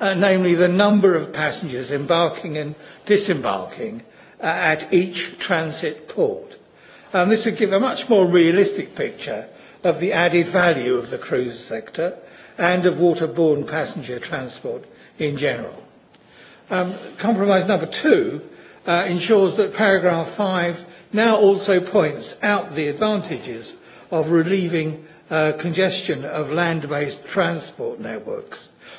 uh, namely the number of passengers embarking and disembarking uh, at each transit port. Um, this would give a much more realistic picture of the added value of the cruise sector and of waterborne passenger transport in general. Um, compromise number two uh, ensures that paragraph five now also points out the advantages of relieving uh, congestion of land-based transport networks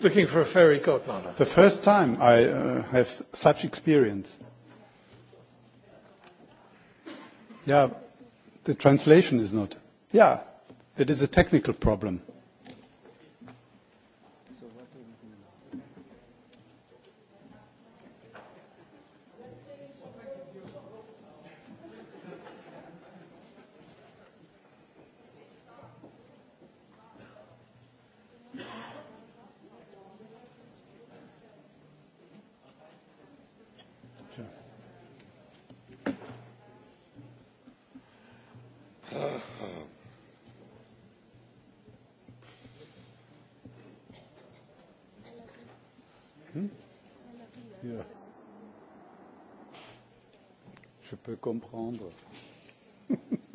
looking for a fairy godmother. The first time I uh, have such experience. Yeah, the translation is not. Yeah, it is a technical problem. peut comprendre.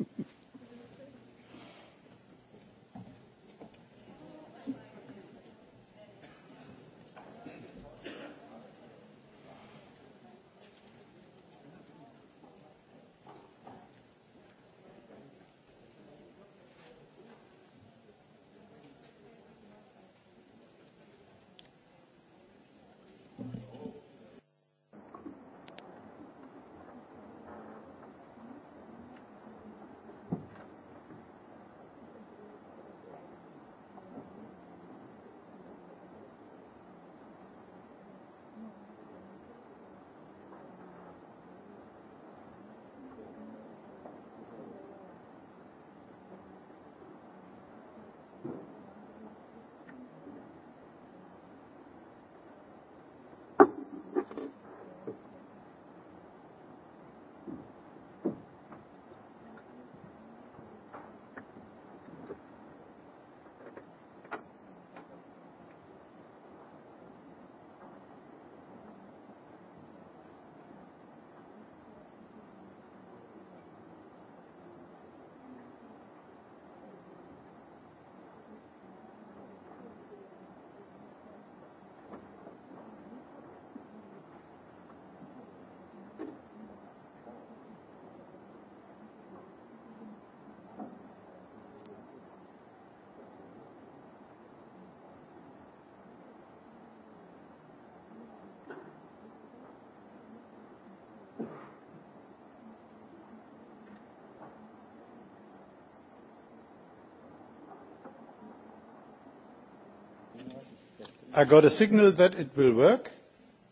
I got a signal that it will work.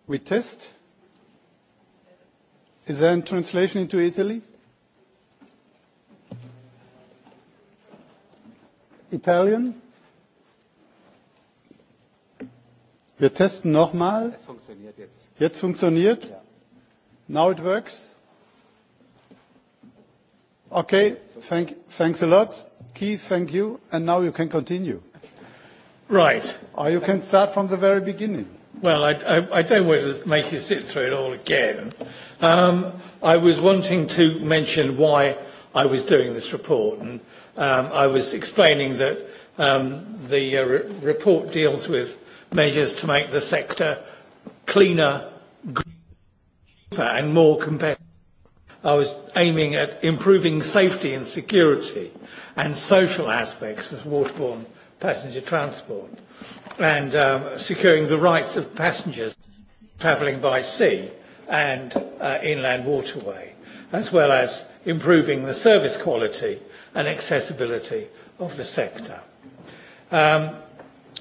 We test. Is there a translation into Italy? Italian? Wir testen nochmal. Es funktioniert jetzt. Jetzt funktioniert? Ja. Now it works? Okay, thank, thanks a lot. Keith, thank you. And now you can continue. Right. Or you can start from the very beginning. Well, I, I, I don't want to make you sit through it all again. Um, I was wanting to mention why I was doing this report, and um, I was explaining that um, the uh, re- report deals with measures to make the sector cleaner, cheaper, and more competitive. I was aiming at improving safety and security and social aspects of waterborne passenger transport and um, securing the rights of passengers travelling by sea and uh, inland waterway, as well as improving the service quality and accessibility of the sector. Um,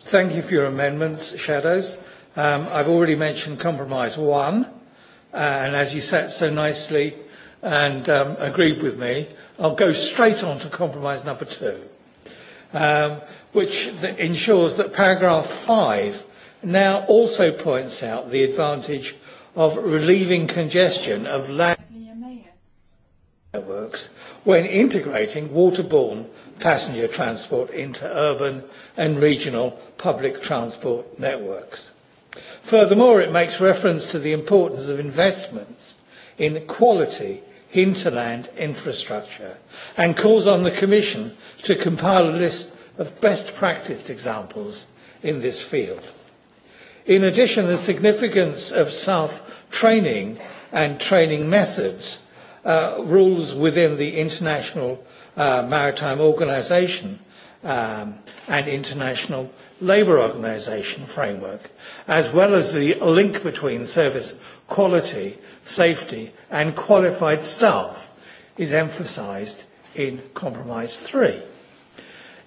thank you for your amendments, Shadows. Um, I've already mentioned Compromise 1, uh, and as you sat so nicely and um, agreed with me, I'll go straight on to Compromise number 2. Um, which th- ensures that paragraph 5 now also points out the advantage of relieving congestion of land networks when integrating waterborne passenger transport into urban and regional public transport networks. Furthermore, it makes reference to the importance of investments in quality hinterland infrastructure and calls on the Commission to compile a list of best practice examples in this field. In addition, the significance of self-training and training methods uh, rules within the International uh, Maritime Organization um, and International Labour Organization framework, as well as the link between service quality, safety and qualified staff is emphasised in Compromise 3.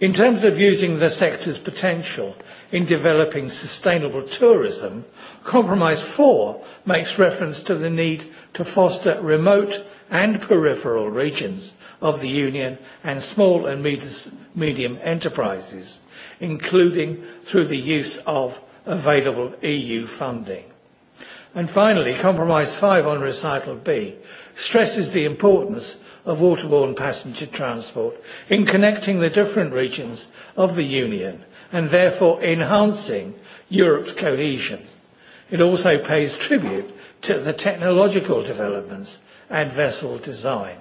In terms of using the sector's potential in developing sustainable tourism, Compromise 4 makes reference to the need to foster remote and peripheral regions of the Union and small and medium enterprises, including through the use of available EU funding. And finally, Compromise 5 on Recital B stresses the importance of waterborne passenger transport in connecting the different regions of the Union and therefore enhancing Europe's cohesion. It also pays tribute to the technological developments and vessel design.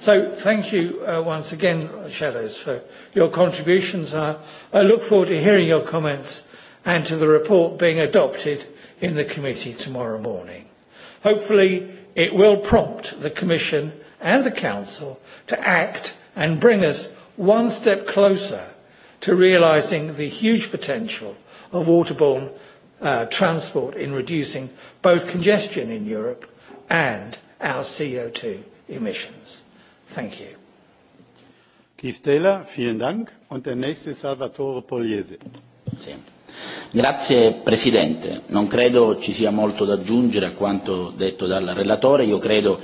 So thank you uh, once again, Shadows, for your contributions. I, I look forward to hearing your comments and to the report being adopted in the committee tomorrow morning. Hopefully, it will prompt the Commission and the Council to act and bring us one step closer to realising the huge potential of waterborne uh, transport in reducing both congestion in Europe and our CO2 emissions. Thank you. Keith Taylor, vielen Dank. Und der nächste Salvatore Pogliese. Sì. Grazie Presidente. Non credo ci sia molto da aggiungere a quanto detto dal relatore. Io credo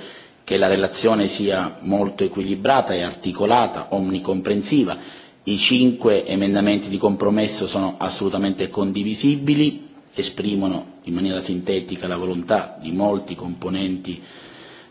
che la relazione sia molto equilibrata e articolata, omnicomprensiva. I cinque emendamenti di compromesso sono assolutamente condivisibili, esprimono in maniera sintetica la volontà di molti componenti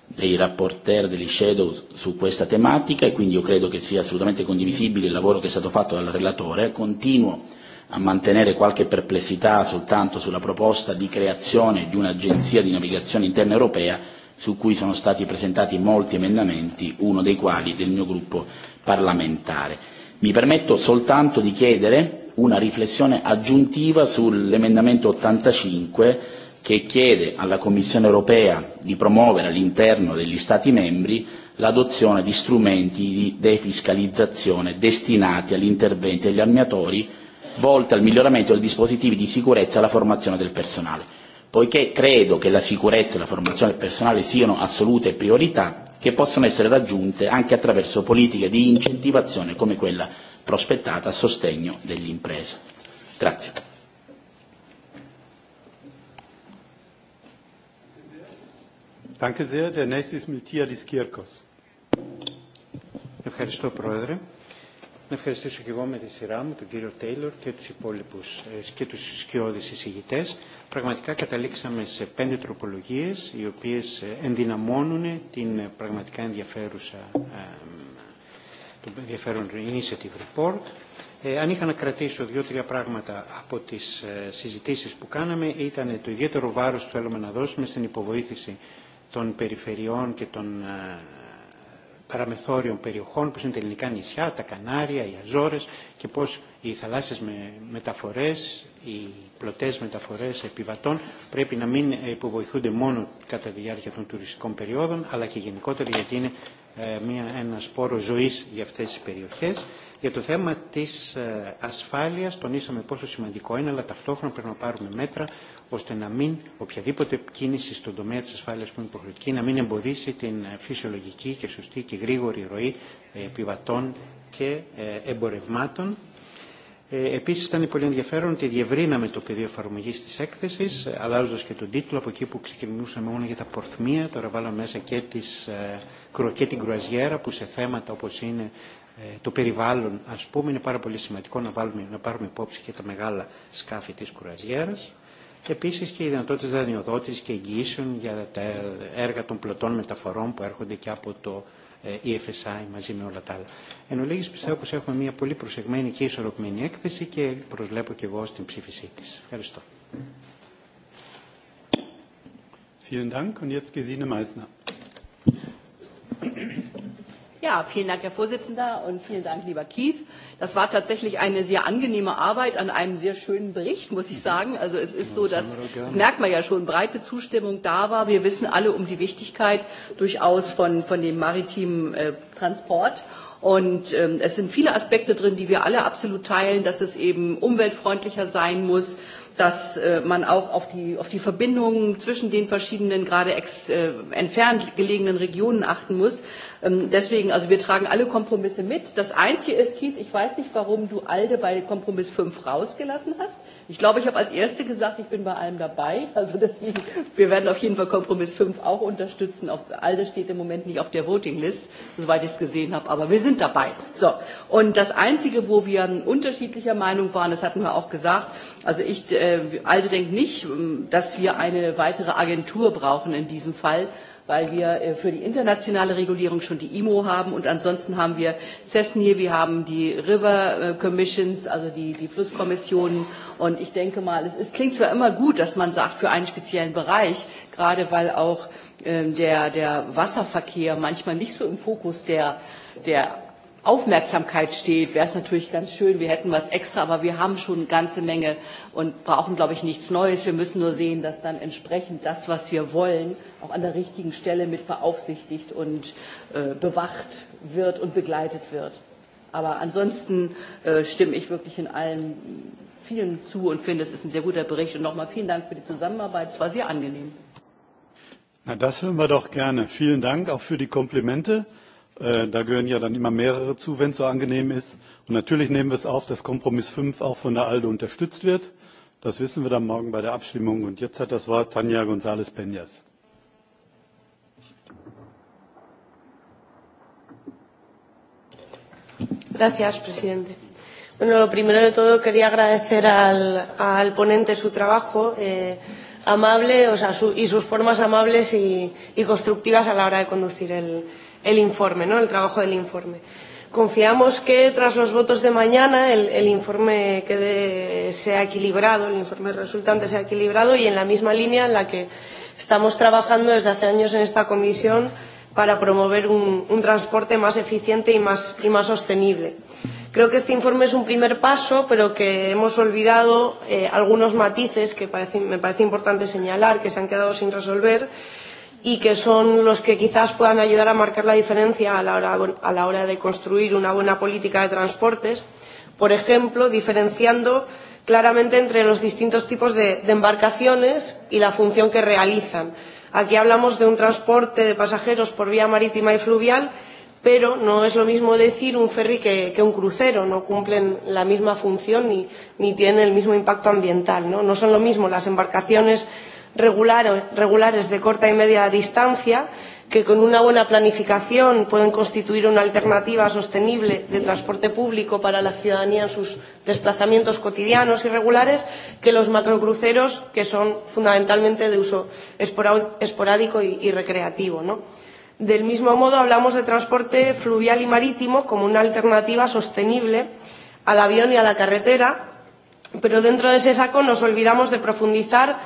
dei rapporteur, degli shadow su questa tematica e quindi io credo che sia assolutamente condivisibile il lavoro che è stato fatto dal relatore. Continuo a mantenere qualche perplessità soltanto sulla proposta di creazione di un'agenzia di navigazione interna europea su cui sono stati presentati molti emendamenti, uno dei quali del mio gruppo parlamentare. Mi permetto soltanto di chiedere una riflessione aggiuntiva sull'emendamento 85 che chiede alla Commissione europea di promuovere all'interno degli Stati membri l'adozione di strumenti di defiscalizzazione destinati agli interventi degli armatori volti al miglioramento dei dispositivi di sicurezza e alla formazione del personale poiché credo che la sicurezza e la formazione del personale siano assolute priorità che possono essere raggiunte anche attraverso politiche di incentivazione come quella prospettata a sostegno dell'impresa. Grazie. Danke sehr. Der nächste ist Miltiadis Kirkos. Ευχαριστώ, Πρόεδρε. Να ευχαριστήσω και εγώ με τη σειρά μου τον κύριο Τέιλορ και τους υπόλοιπους και τους σκιώδεις εισηγητές. Πραγματικά καταλήξαμε σε πέντε τροπολογίες οι οποίες ενδυναμώνουν την πραγματικά ενδιαφέρουσα το ενδιαφέρον initiative report. Ε, αν είχα να κρατήσω δύο-τρία πράγματα από τις ε, συζητήσεις που κάναμε ήταν το ιδιαίτερο βάρος που θέλουμε να δώσουμε στην υποβοήθηση των περιφερειών και των ε, παραμεθόριων περιοχών, όπως είναι τα ελληνικά νησιά, τα Κανάρια, οι Αζόρες και πώς οι θαλάσσιες με, μεταφορές, οι πλωτές μεταφορές επιβατών πρέπει να μην υποβοηθούνται μόνο κατά τη διάρκεια των τουριστικών περιόδων, αλλά και γενικότερα γιατί είναι ε, μια, ένας πόρος ζωής για αυτές τις περιοχές για το θέμα της ασφάλειας τονίσαμε πόσο σημαντικό είναι, αλλά ταυτόχρονα πρέπει να πάρουμε μέτρα ώστε να μην οποιαδήποτε κίνηση στον τομέα της ασφάλειας που είναι υποχρεωτική να μην εμποδίσει την φυσιολογική και σωστή και γρήγορη ροή επιβατών και εμπορευμάτων. Επίσης ήταν πολύ ενδιαφέρον ότι διευρύναμε το πεδίο εφαρμογή της έκθεσης, αλλάζοντας και τον τίτλο από εκεί που ξεκινούσαμε μόνο για τα πορθμία, τώρα βάλαμε μέσα και, τις, και την κρουαζιέρα που σε θέματα όπως είναι το περιβάλλον, ας πούμε, είναι πάρα πολύ σημαντικό να, βάλουμε, να πάρουμε υπόψη και τα μεγάλα σκάφη της κουραζιέρας και επίσης και οι δυνατότητες δανειοδότησης και εγγυήσεων για τα έργα των πλωτών μεταφορών που έρχονται και από το EFSI μαζί με όλα τα άλλα. Εν ολίγης πιστεύω πως έχουμε μια πολύ προσεγμένη και ισορροπημένη έκθεση και προσβλέπω και εγώ στην ψήφισή της. Ευχαριστώ. Vielen Dank und jetzt Gesine Meissner. Ja, vielen Dank, Herr Vorsitzender, und vielen Dank, lieber Keith. Das war tatsächlich eine sehr angenehme Arbeit an einem sehr schönen Bericht, muss ich sagen. Also es ist so, dass, das merkt man ja schon, breite Zustimmung da war. Wir wissen alle um die Wichtigkeit durchaus von, von dem maritimen äh, Transport. Und ähm, es sind viele Aspekte drin, die wir alle absolut teilen, dass es eben umweltfreundlicher sein muss, dass äh, man auch auf die, auf die Verbindungen zwischen den verschiedenen, gerade ex, äh, entfernt gelegenen Regionen achten muss. Ähm, deswegen, also wir tragen alle Kompromisse mit. Das Einzige ist, Kies, ich weiß nicht, warum du ALDE bei Kompromiss 5 rausgelassen hast. Ich glaube, ich habe als Erste gesagt, ich bin bei allem dabei. Also deswegen, wir werden auf jeden Fall Kompromiss 5 auch unterstützen. Auch all das steht im Moment nicht auf der Voting List, soweit ich es gesehen habe, aber wir sind dabei. So. Und das Einzige, wo wir unterschiedlicher Meinung waren, das hatten wir auch gesagt, also ich, äh, Alte denkt nicht, ähm, dass wir eine weitere Agentur brauchen in diesem Fall, weil wir äh, für die internationale Regulierung schon die IMO haben und ansonsten haben wir CESNIR, wir haben die River äh, Commissions, also die, die Flusskommissionen und ich denke mal, es, es klingt zwar immer gut, dass man sagt, für einen speziellen Bereich, gerade weil auch ähm, der, der Wasserverkehr manchmal nicht so im Fokus der, der Aufmerksamkeit steht, wäre es natürlich ganz schön. Wir hätten was extra, aber wir haben schon eine ganze Menge und brauchen, glaube ich, nichts Neues. Wir müssen nur sehen, dass dann entsprechend das, was wir wollen, auch an der richtigen Stelle mit beaufsichtigt und äh, bewacht wird und begleitet wird. Aber ansonsten äh, stimme ich wirklich in allen vielen zu und finde, es ist ein sehr guter Bericht. Und nochmal vielen Dank für die Zusammenarbeit. Es war sehr angenehm. Na, das hören wir doch gerne. Vielen Dank auch für die Komplimente. Äh, da gehören ja dann immer mehrere zu, wenn es so angenehm ist. Und natürlich nehmen wir es auf, dass Kompromiss 5 auch von der ALDE unterstützt wird. Das wissen wir dann morgen bei der Abstimmung. Und jetzt hat das Wort Tanja González-Peñas. Gracias, presidente. Bueno, lo primero de todo quería agradecer al, al ponente su trabajo eh, amable o sea, su, y sus formas amables y, y constructivas a la hora de conducir el, el informe, ¿no? el trabajo del informe. Confiamos que tras los votos de mañana el, el informe quede, sea equilibrado, el informe resultante sea equilibrado y en la misma línea en la que estamos trabajando desde hace años en esta comisión. Sí para promover un, un transporte más eficiente y más, y más sostenible. Creo que este informe es un primer paso, pero que hemos olvidado eh, algunos matices que parece, me parece importante señalar, que se han quedado sin resolver y que son los que quizás puedan ayudar a marcar la diferencia a la hora, a la hora de construir una buena política de transportes, por ejemplo, diferenciando claramente entre los distintos tipos de, de embarcaciones y la función que realizan. Eh, Aquí hablamos de un transporte de pasajeros por vía marítima y fluvial, pero no es lo mismo decir un ferry que, que un crucero, no cumplen la misma función ni, ni tienen el mismo impacto ambiental. No, no son lo mismo las embarcaciones regular, regulares de corta y media distancia que con una buena planificación pueden constituir una alternativa sostenible de transporte público para la ciudadanía en sus desplazamientos cotidianos y regulares que los macrocruceros, que son fundamentalmente de uso esporádico y, y recreativo. ¿no? Del mismo modo, hablamos de transporte fluvial y marítimo como una alternativa sostenible al avión y a la carretera, pero dentro de ese saco nos olvidamos de profundizar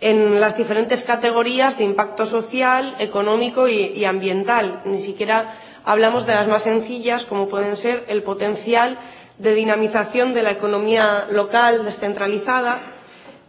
en las diferentes categorías de impacto social, económico y, y ambiental. Ni siquiera hablamos de las más sencillas, como pueden ser el potencial de dinamización de la economía local descentralizada,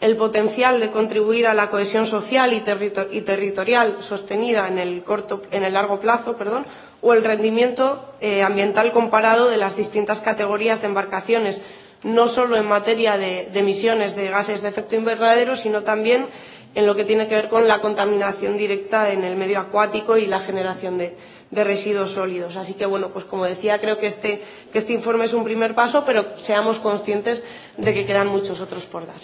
el potencial de contribuir a la cohesión social y, territor y territorial sostenida en el, corto, en el largo plazo perdón, o el rendimiento eh, ambiental comparado de las distintas categorías de embarcaciones no solo en materia de, de emisiones de gases de efecto invernadero, sino también en lo que tiene que ver con la contaminación directa en el medio acuático y la generación de, de residuos sólidos. Así que, bueno, pues como decía, creo que este, que este informe es un primer paso, pero seamos conscientes de que quedan muchos otros por dar.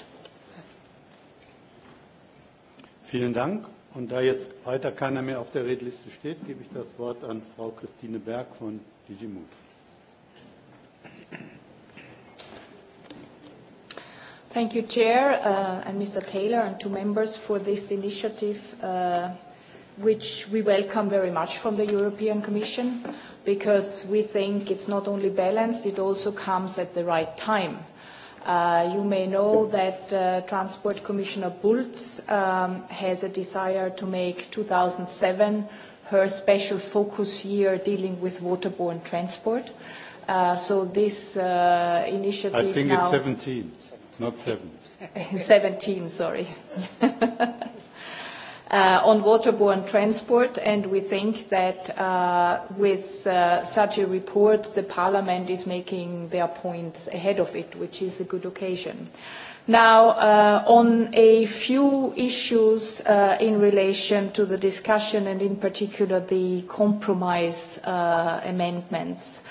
Vielen Dank. Und da jetzt weiter keiner mehr auf der Redliste steht, gebe ich das Wort an Frau Christine Berg von DigiMove. Thank you, Chair, uh, and Mr. Taylor, and to members for this initiative, uh, which we welcome very much from the European Commission, because we think it's not only balanced, it also comes at the right time. Uh, you may know that uh, Transport Commissioner Bulc um, has a desire to make 2007 her special focus year dealing with waterborne transport. Uh, so this uh, initiative I think now it's 17. Not seven. 17, sorry. Uh, on waterborne transport, and we think that uh, with uh, such a report, the parliament is making their points ahead of it, which is a good occasion. Now, uh, on a few issues uh, in relation to the discussion and in particular the compromise uh, amendments.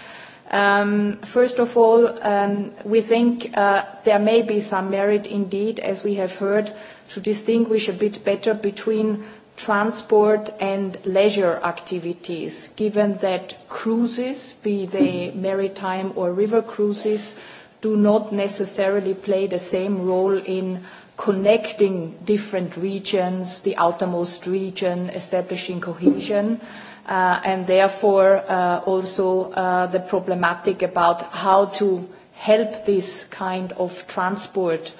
Um, first of all, um, we think uh, there may be some merit indeed, as we have heard, to distinguish a bit better between transport and leisure activities, given that cruises, be they maritime or river cruises, do not necessarily play the same role in connecting different regions, the outermost region, establishing cohesion. Mm-hmm uh, and therefore uh, also uh, the problematic about how to help this kind of transport,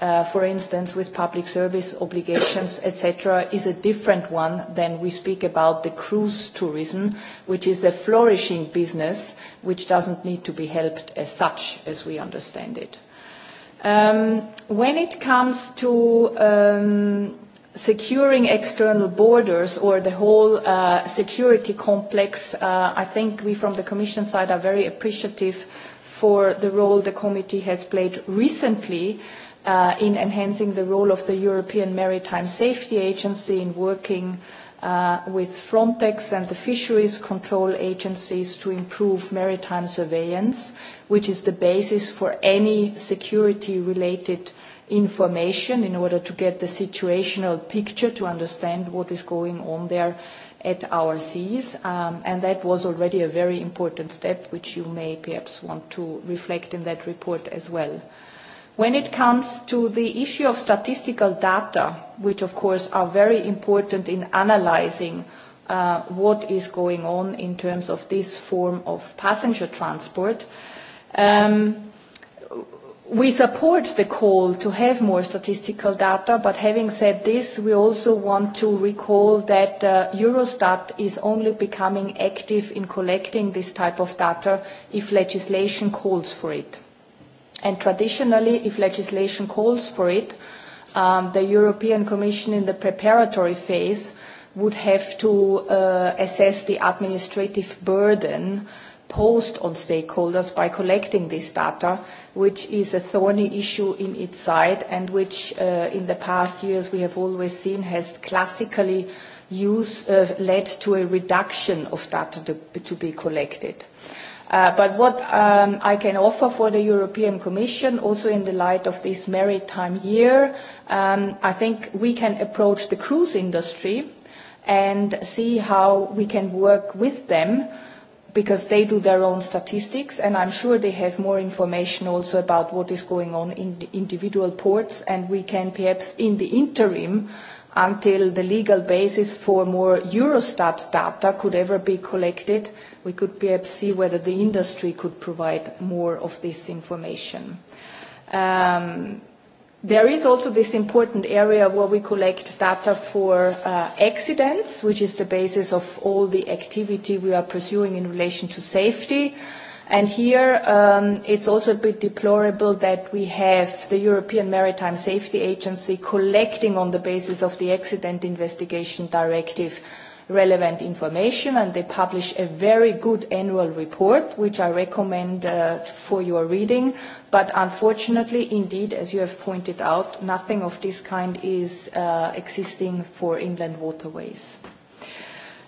uh, for instance, with public service obligations, etc., is a different one than we speak about the cruise tourism, which is a flourishing business which doesn't need to be helped as such, as we understand it. Um, when it comes to um, securing external borders or the whole uh, security complex, uh, I think we from the Commission side are very appreciative for the role the committee has played recently uh, in enhancing the role of the European Maritime Safety Agency in working uh, with Frontex and the fisheries control agencies to improve maritime surveillance, which is the basis for any security-related uh, information in order to get the situational picture to understand what is going on there at our seas. Um, and that was already a very important step, which you may perhaps want to reflect in that report as well. When it comes to the issue of statistical data, which of course are very important in analyzing uh, what is going on in terms of this form of passenger transport, um, We support the call to have more statistical data, but having said this, we also want to recall that uh, Eurostat is only becoming active in collecting this type of data if legislation calls for it. And traditionally, if legislation calls for it, um, the European Commission in the preparatory phase would have to uh, assess the administrative burden uh, imposed on stakeholders by collecting this data, which is a thorny issue in its side and which uh, in the past years we have always seen has classically use, uh, led to a reduction of data to, to be collected. Uh, but what um, I can offer for the European Commission, also in the light of this maritime year, um, I think we can approach the cruise industry and see how we can work with them because they do their own statistics, and I'm sure they have more information also about what is going on in the individual ports, and we can perhaps in the interim, until the legal basis for more Eurostat data could ever be collected, we could perhaps see whether the industry could provide more of this information. Um, There is also this important area where we collect data for uh, accidents, which is the basis of all the activity we are pursuing in relation to safety. And here um, it's also a bit deplorable that we have the European Maritime Safety Agency collecting on the basis of the Accident Investigation Directive uh, relevant information and they publish a very good annual report which I recommend uh, for your reading but unfortunately indeed as you have pointed out nothing of this kind is uh, existing for inland waterways.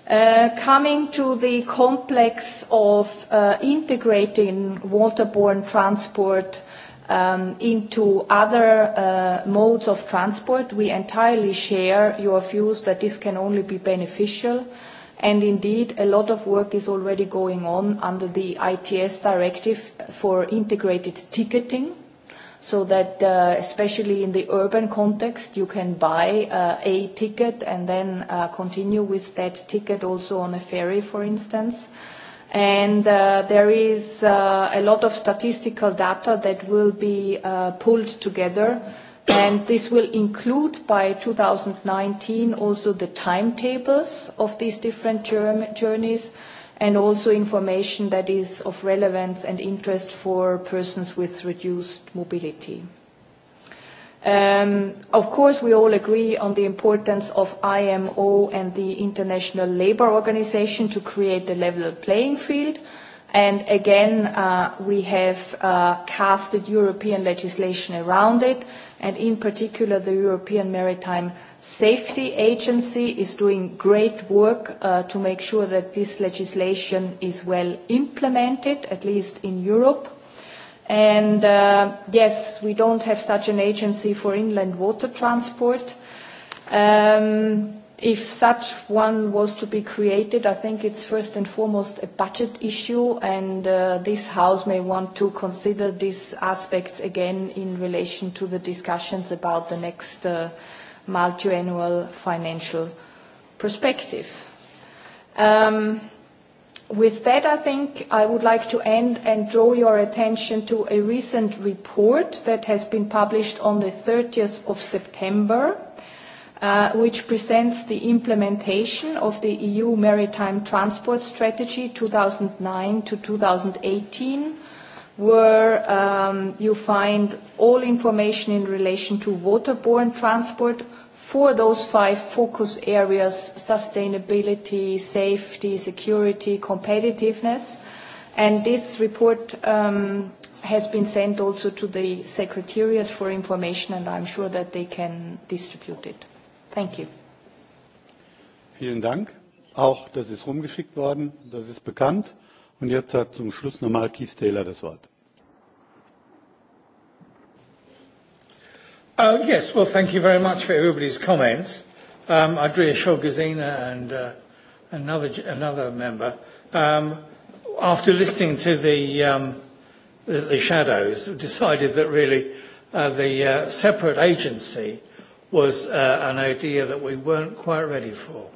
Uh, coming to the complex of uh, integrating waterborne transport um, into other uh, modes of transport. We entirely share your views that this can only be beneficial. And indeed, a lot of work is already going on under the ITS directive for integrated ticketing so that uh, especially in the urban context you can buy uh, a ticket and then uh, continue with that ticket also on a ferry, for instance. Uh, and uh, there is uh, a lot of statistical data that will be uh, pulled together and this will include by 2019 also the timetables of these different journeys and also information that is of relevance and interest for persons with reduced mobility. Um, of course, we all agree on the importance of IMO and the International Labour Organization to create a level playing field. And again, uh, we have uh, casted European legislation around it, and in particular, the European Maritime Safety Agency is doing great work uh, to make sure that this legislation is well implemented, at least in Europe. And uh, yes, we don't have such an agency for inland water transport. Um, if such one was to be created, I think it's first and foremost a budget issue, and uh, this House may want to consider these aspects again in relation to the discussions about the next uh, multi-annual financial perspective. Um, With that, I think I would like to end and draw your attention to a recent report that has been published on the 30th of September, uh, which presents the implementation of the EU Maritime Transport Strategy 2009 to 2018, where um, you find all information in relation to waterborne transport, for those five focus areas, sustainability, safety, security, competitiveness. And this report um, has been sent also to the Secretariat for information, and I'm sure that they can distribute it. Thank you. Vielen Dank. Auch das ist rumgeschickt worden, das ist bekannt. Und jetzt hat zum Schluss nochmal Keith Taylor das Wort. Uh, yes, well, thank you very much for everybody's comments. Um, I'd reassure Gazina and uh, another another member. Um, after listening to the, um, the the shadows, decided that really uh, the uh, separate agency was uh, an idea that we weren't quite ready for.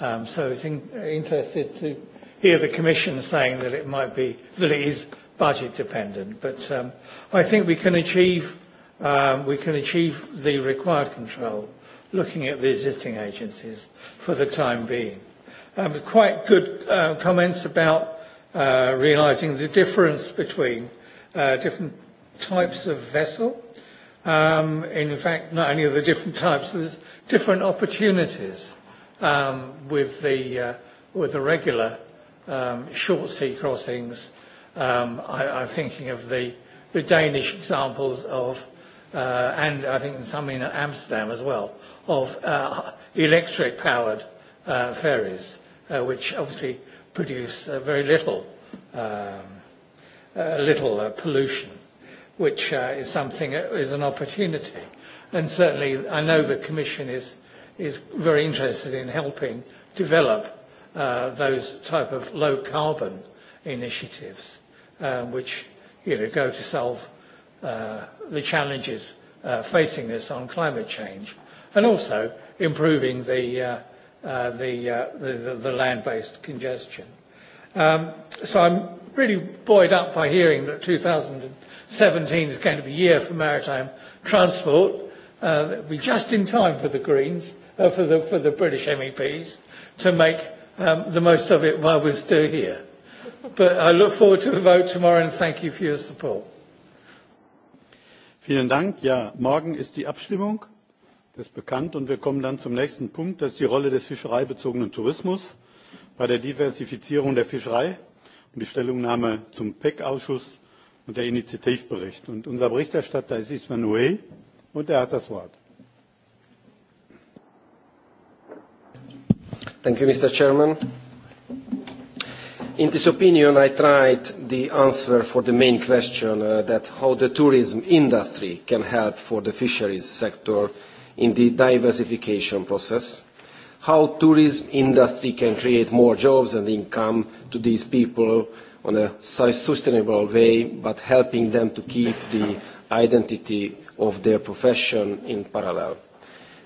Um, so I was in, interested to hear the Commission saying that it might be that it is budget dependent, but um, I think we can achieve um, we can achieve the required control looking at the existing agencies for the time being. Um, quite good uh, comments about uh, realizing the difference between uh, different types of vessel. Um, in fact, not only are there different types, there's different opportunities um, with the uh, with the regular um, short sea crossings. Um, I, I'm thinking of the, the Danish examples of uh, and I think some in Amsterdam as well, of uh, electric powered uh, ferries, uh, which obviously produce uh, very little, um, uh, little uh, pollution, which uh, is something, uh, is an opportunity. And certainly I know the Commission is, is very interested in helping develop uh, those type of low carbon initiatives, um, which you know, go to solve uh, the challenges uh, facing this on climate change, and also improving the, uh, uh, the, uh, the, the, the land-based congestion. Um, so I'm really buoyed up by hearing that 2017 is going to be a year for maritime transport. Uh, that will be just in time for the Greens, uh, for, the, for the British MEPs, to make um, the most of it while we're still here. But I look forward to the vote tomorrow and thank you for your support. Vielen Dank. Ja, morgen ist die Abstimmung. Das ist bekannt. Und wir kommen dann zum nächsten Punkt. Das ist die Rolle des fischereibezogenen Tourismus bei der Diversifizierung der Fischerei und die Stellungnahme zum PEC-Ausschuss und der Initiativbericht. Und unser Berichterstatter ist Ismail Noé und er hat das Wort. Thank you, Mr. Chairman. In this opinion, I tried the answer for the main question uh, that how the tourism industry can help for the fisheries sector in the diversification process, how tourism industry can create more jobs and income to these people on a sustainable way, but helping them to keep the identity of their profession in parallel.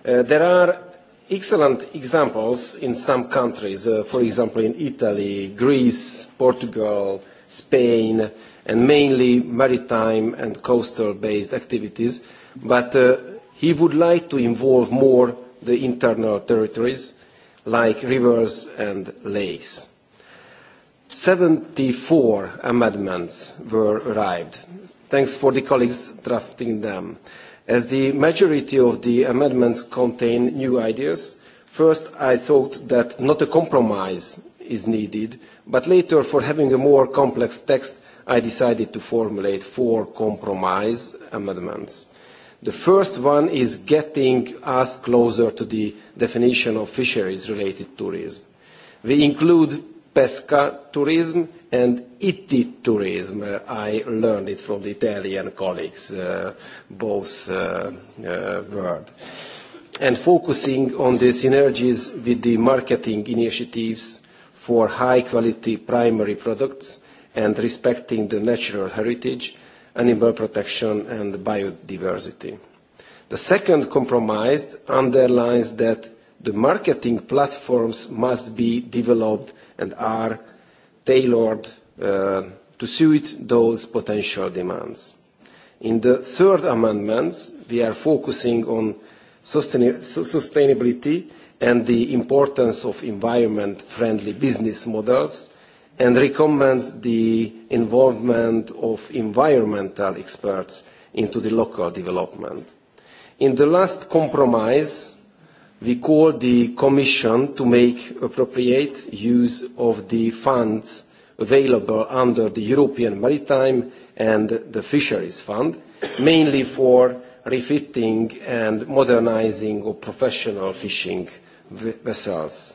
Uh, there are excellent examples in some countries, uh, for example in Italy, Greece, Portugal, Spain, and mainly maritime and coastal-based activities. But uh, he would like to involve more the internal territories, like rivers and lakes. 74 amendments were arrived. Thanks for the colleagues drafting them. Uh, As the majority of the amendments contain new ideas, first I thought that not a compromise is needed, but later for having a more complex text I decided to formulate four compromise amendments. The first one is getting us closer to the definition of fisheries-related tourism. We include pesca tourism and IT tourism. Uh, I learned it from the Italian colleagues, uh, both uh, uh, words. And focusing on the synergies with the marketing initiatives for high-quality primary products and respecting the natural heritage, animal protection and biodiversity. The second compromise underlines that the marketing platforms must be developed and are tailored uh, to suit those potential demands. In the third amendments, we are focusing on sustain sustainability and the importance of environment-friendly business models and recommends the involvement of environmental experts into the local development. In the last compromise, we call the Commission to make appropriate use of the funds available under the European Maritime and the Fisheries Fund, mainly for refitting and modernizing of professional fishing vessels.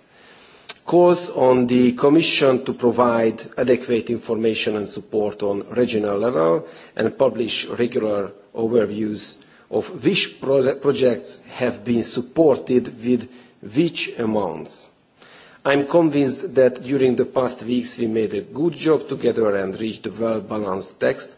Calls on the Commission to provide adequate information and support on regional level and publish regular overviews uh, of which pro projects have been supported with which amounts. I'm convinced that during the past weeks we made a good job together and reached a well-balanced text.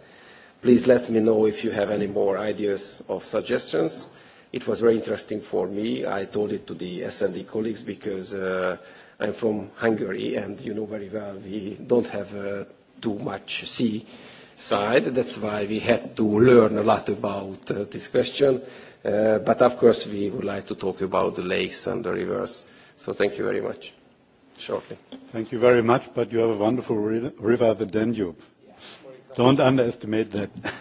Please let me know if you have any more ideas or suggestions. It was very interesting for me. I told it to the S&D colleagues because uh, I'm from Hungary and you know very well we don't have uh, too much sea side. That's why we had to learn a lot about uh, this question. Uh, but of course, we would like to talk about the lakes and the rivers. So thank you very much. Shortly. Thank you very much, but you have a wonderful river, the Danube. Yeah, Don't underestimate that.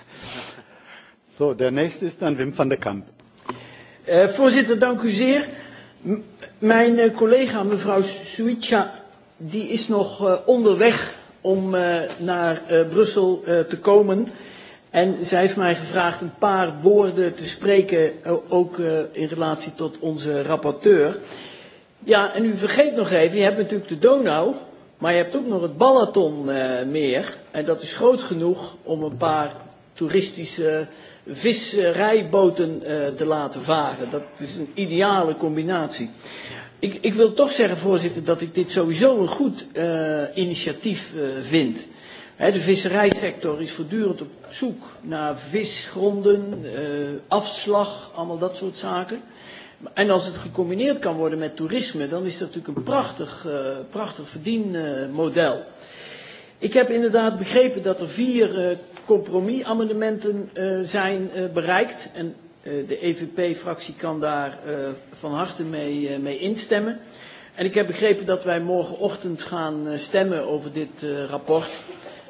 so, der nächste ist dann Wim van de Kamp. Uh, voorzitter, dank u zeer. M mijn uh, collega mevrouw Suica, die is nog uh, onderweg om uh, naar uh, Brussel uh, te komen. En zij heeft mij gevraagd een paar woorden te spreken, ook uh, in relatie tot onze rapporteur. Ja, en u vergeet nog even, je hebt natuurlijk de Donau, maar je hebt ook nog het Balatonmeer. Uh, meer, en dat is groot genoeg om een paar toeristische visserijboten uh, eh, te laten varen. Dat is een ideale combinatie. Ik, ik wil toch zeggen, voorzitter, dat ik dit sowieso een goed uh, initiatief uh, vind. He, de visserijsector is voortdurend op zoek naar visgronden, uh, afslag, allemaal dat soort zaken. En als het gecombineerd kan worden met toerisme, dan is dat natuurlijk een prachtig, uh, prachtig verdienmodel. Uh, Ik heb inderdaad begrepen dat er vier uh, compromisamendementen uh, zijn uh, bereikt. En uh, de EVP-fractie kan daar uh, van harte mee, uh, mee instemmen. En ik heb begrepen dat wij morgenochtend gaan uh, stemmen over dit uh, rapport.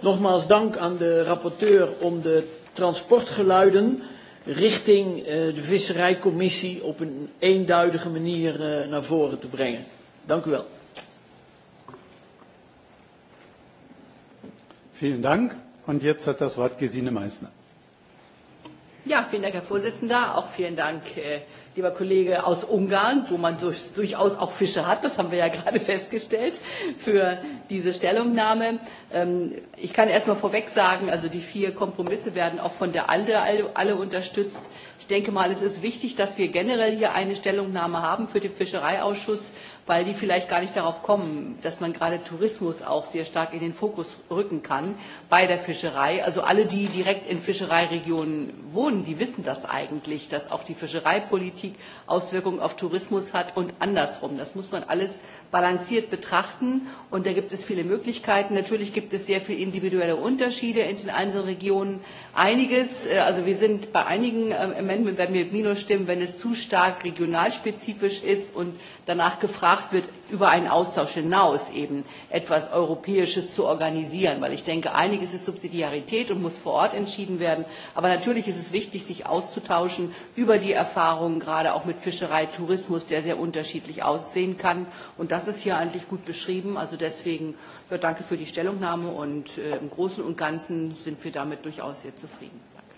Nogmaals dank aan de rapporteur om de transportgeluiden richting uh, de Visserijcommissie op een eenduidige manier uh, naar voren te brengen. Dank u wel. Vielen Dank. Und jetzt hat das Wort Gesine Meissner. Ja, vielen Dank, Herr Vorsitzender. Auch vielen Dank, äh, lieber Kollege aus Ungarn, wo man durch, durchaus auch Fische hat. Das haben wir ja gerade festgestellt für diese Stellungnahme. Ähm, ich kann erstmal vorweg sagen, also die vier Kompromisse werden auch von der ALDE alle, alle unterstützt. Ich denke mal, es ist wichtig, dass wir generell hier eine Stellungnahme haben für den Fischereiausschuss weil die vielleicht gar nicht darauf kommen, dass man gerade Tourismus auch sehr stark in den Fokus rücken kann bei der Fischerei. Also alle, die direkt in Fischereiregionen wohnen, die wissen das eigentlich, dass auch die Fischereipolitik Auswirkungen auf Tourismus hat und andersrum. Das muss man alles balanciert betrachten und da gibt es viele Möglichkeiten. Natürlich gibt es sehr viele individuelle Unterschiede in den einzelnen Regionen. Einiges, äh, also wir sind bei einigen Amendments, äh, werden wir Minus stimmen, wenn es zu stark regionalspezifisch ist und danach gefragt wird, über einen Austausch hinaus eben etwas Europäisches zu organisieren, weil ich denke, einiges ist Subsidiarität und muss vor Ort entschieden werden. Aber natürlich ist es wichtig, sich auszutauschen über die Erfahrungen, gerade auch mit Fischerei, Tourismus, der sehr unterschiedlich aussehen kann. Und das ist hier eigentlich gut beschrieben. Also deswegen ja, danke für die Stellungnahme und äh, im Großen und Ganzen sind wir damit durchaus sehr zufrieden. Danke.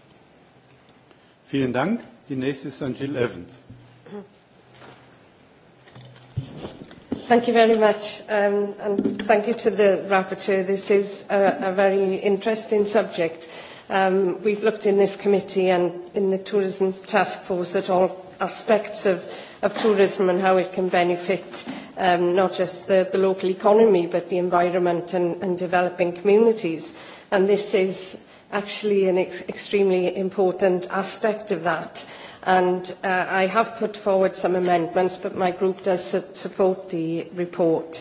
Vielen Dank. Die nächste ist dann Jill Evans. Thank you very much, um, and thank you to the rapporteur. This is a, a very interesting subject. Um, we've looked in this committee and in the Tourism Task Force at all aspects of, of tourism and how it can benefit um, not just the, the local economy but the environment and, and developing communities. And this is actually an ex extremely important aspect of that. Uh, and uh, I have put forward some amendments, but my group does su support the report.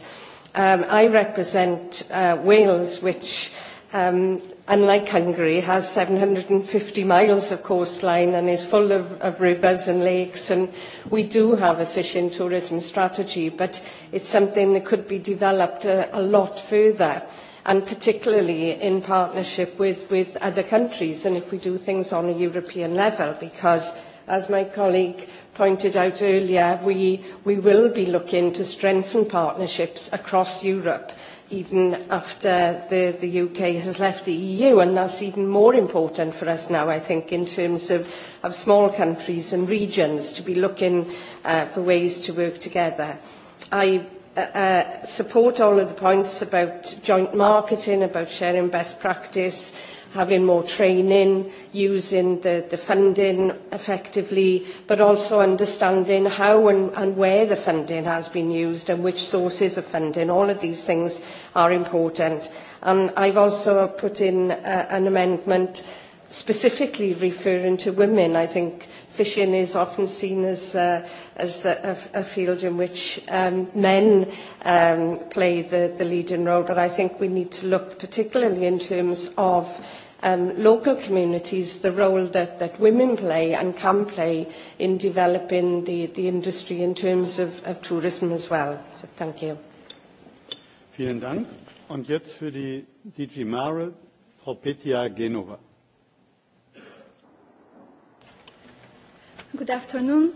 Um, I represent uh, Wales, which, um, unlike Hungary, has 750 miles of coastline and is full of, of rivers and lakes, and we do have a fishing tourism strategy, but it's something that could be developed a, a lot further and particularly in partnership with, with other countries and if we do things on a European level because as my colleague pointed out earlier, we, we will be looking to strengthen partnerships across Europe even after the, the UK has left the EU, and that's even more important for us now, I think, in terms of, of small countries and regions to be looking uh, for ways to work together. I uh, uh support all of the points about joint marketing, about sharing best practice, uh, having more training, using the, the funding effectively, but also understanding how and, and where the funding has been used and which sources of funding. All of these things are important. And I've also put in uh, an amendment specifically referring to women. I think fishing is often seen as, uh, as the, a, a field in which um, men um, play the, the leading role, but I think we need to look particularly in terms of um, local communities the role that, that women play and can play in developing the, the industry in terms of, of tourism as well. So thank you. Vielen Dank. Und jetzt für die DG Mare, Frau Petia Genova. Good afternoon,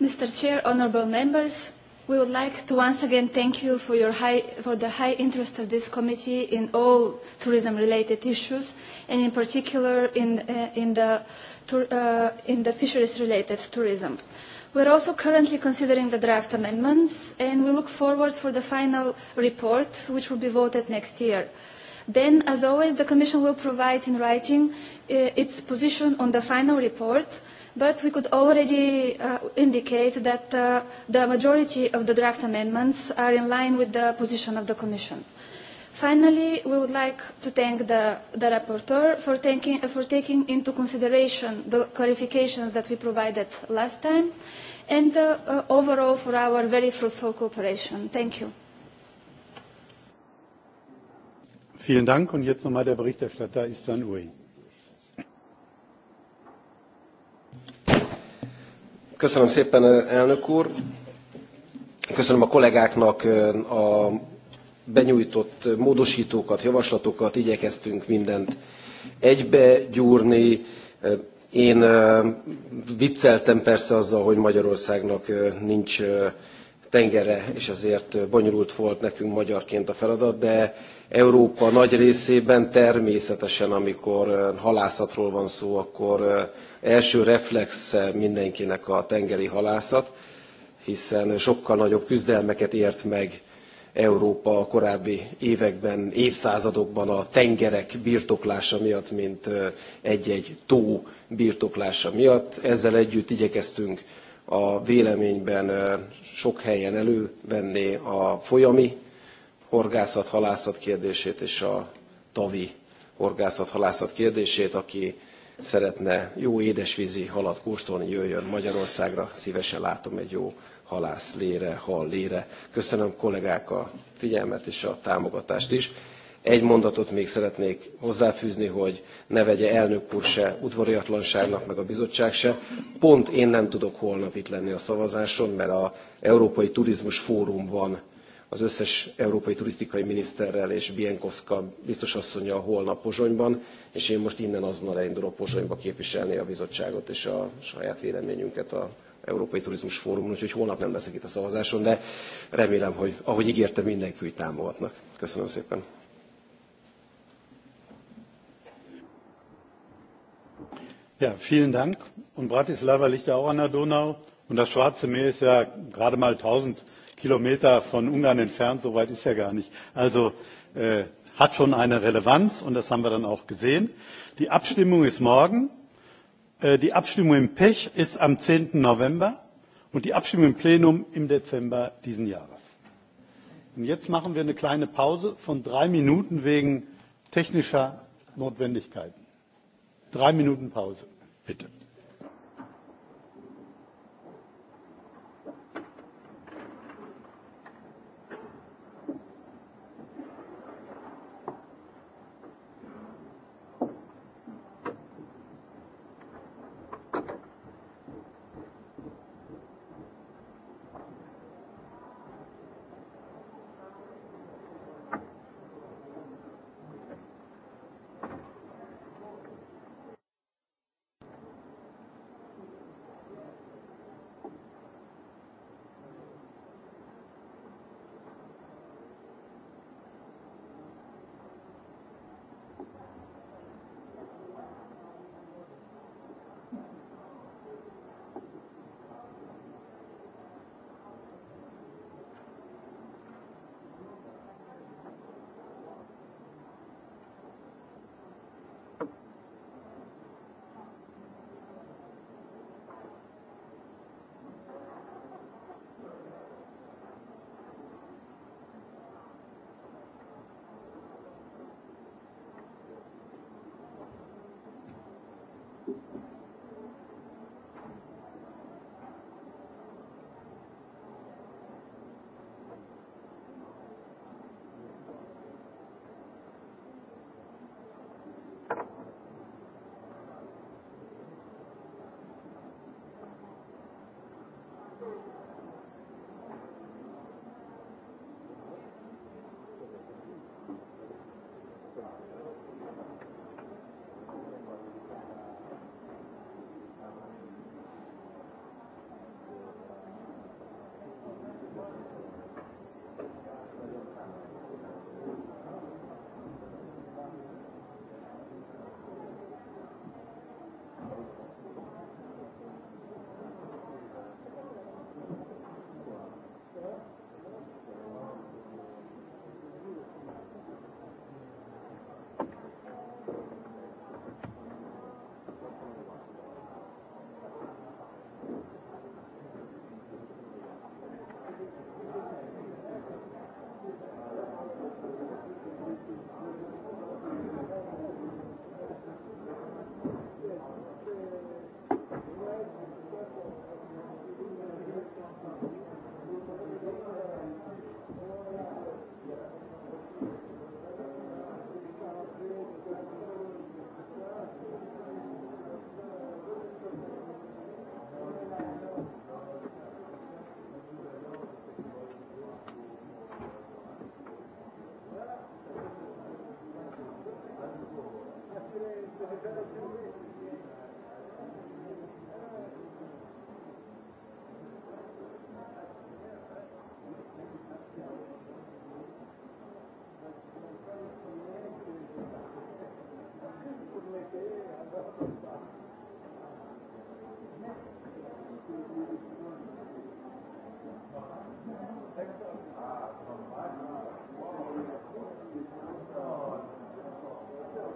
Mr. Chair, honorable members. We would like to once again thank you for, your high, for the high interest of this committee in all tourism-related issues, and in particular in, uh, in the, uh, in the fisheries-related tourism. We're also currently considering the draft amendments, and we look forward for the final report, which will be voted next year. Then, as always, the Commission will provide in writing uh, its position on the final report, uh, but we could already uh, indicate that uh, the majority of the draft amendments are in line with the position of the Commission. Finally, we would like to thank the, the rapporteur for taking, for taking into consideration the clarifications that we provided last time and uh, uh, overall for our very fruitful cooperation. Thank you. Vielen Dank. Und jetzt nochmal der Berichterstatter István Új. Köszönöm szépen, elnök úr. Köszönöm a kollégáknak a benyújtott módosítókat, javaslatokat, igyekeztünk mindent egybe gyúrni. Én vicceltem persze azzal, hogy Magyarországnak nincs tengerre, és ezért bonyolult volt nekünk magyarként a feladat, de Európa nagy részében természetesen, amikor halászatról van szó, akkor első reflex mindenkinek a tengeri halászat, hiszen sokkal nagyobb küzdelmeket ért meg Európa a korábbi években, évszázadokban a tengerek birtoklása miatt, mint egy-egy tó birtoklása miatt. Ezzel együtt igyekeztünk a véleményben sok helyen elővenni a folyami horgászat-halászat kérdését és a tavi horgászat-halászat kérdését, aki szeretne jó édesvízi halat kóstolni, jöjjön Magyarországra, szívesen látom egy jó halászlére, hallére. Köszönöm kollégák a figyelmet és a támogatást is. Egy mondatot még szeretnék hozzáfűzni, hogy ne vegye elnök úr se udvariatlanságnak, meg a bizottság se. Pont én nem tudok holnap itt lenni a szavazáson, mert az Európai Turizmus Fórum van az összes európai turisztikai miniszterrel és Bienkowska biztos asszonya holnap Pozsonyban, és én most innen azonnal elindulok Pozsonyba képviselni a bizottságot és a saját véleményünket a Európai Turizmus Fórumon, úgyhogy holnap nem leszek itt a szavazáson, de remélem, hogy ahogy ígértem, mindenki úgy támogatnak. Köszönöm szépen. Ja, vielen Dank. Und Bratislava liegt ja auch an der Donau. Und das Schwarze Meer ist ja gerade mal 1000 Kilometer von Ungarn entfernt, so weit ist ja er gar nicht. Also äh, hat schon eine Relevanz und das haben wir dann auch gesehen. Die Abstimmung ist morgen. Äh, die Abstimmung im Pech ist am 10. November und die Abstimmung im Plenum im Dezember diesen Jahres. Und jetzt machen wir eine kleine Pause von drei Minuten wegen technischer Notwendigkeiten. Drei Minuten Pause, bitte.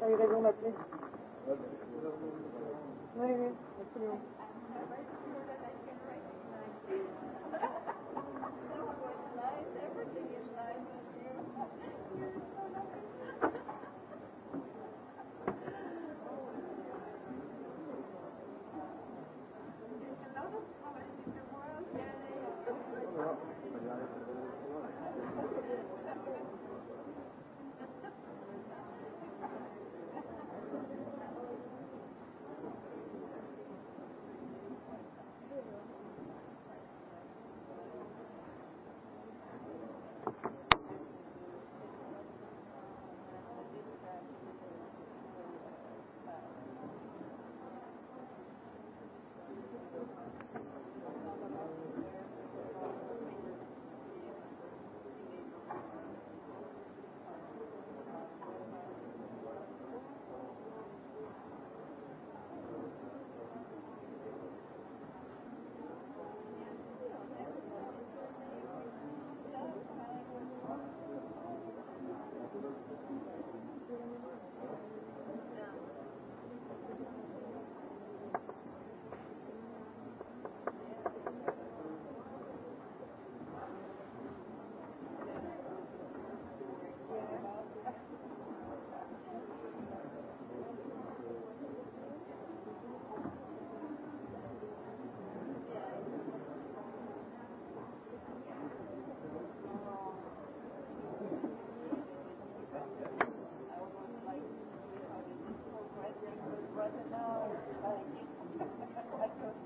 T'as eu raison, Mathilde. Oui, oui, absolument.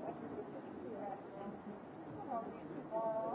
Thank you.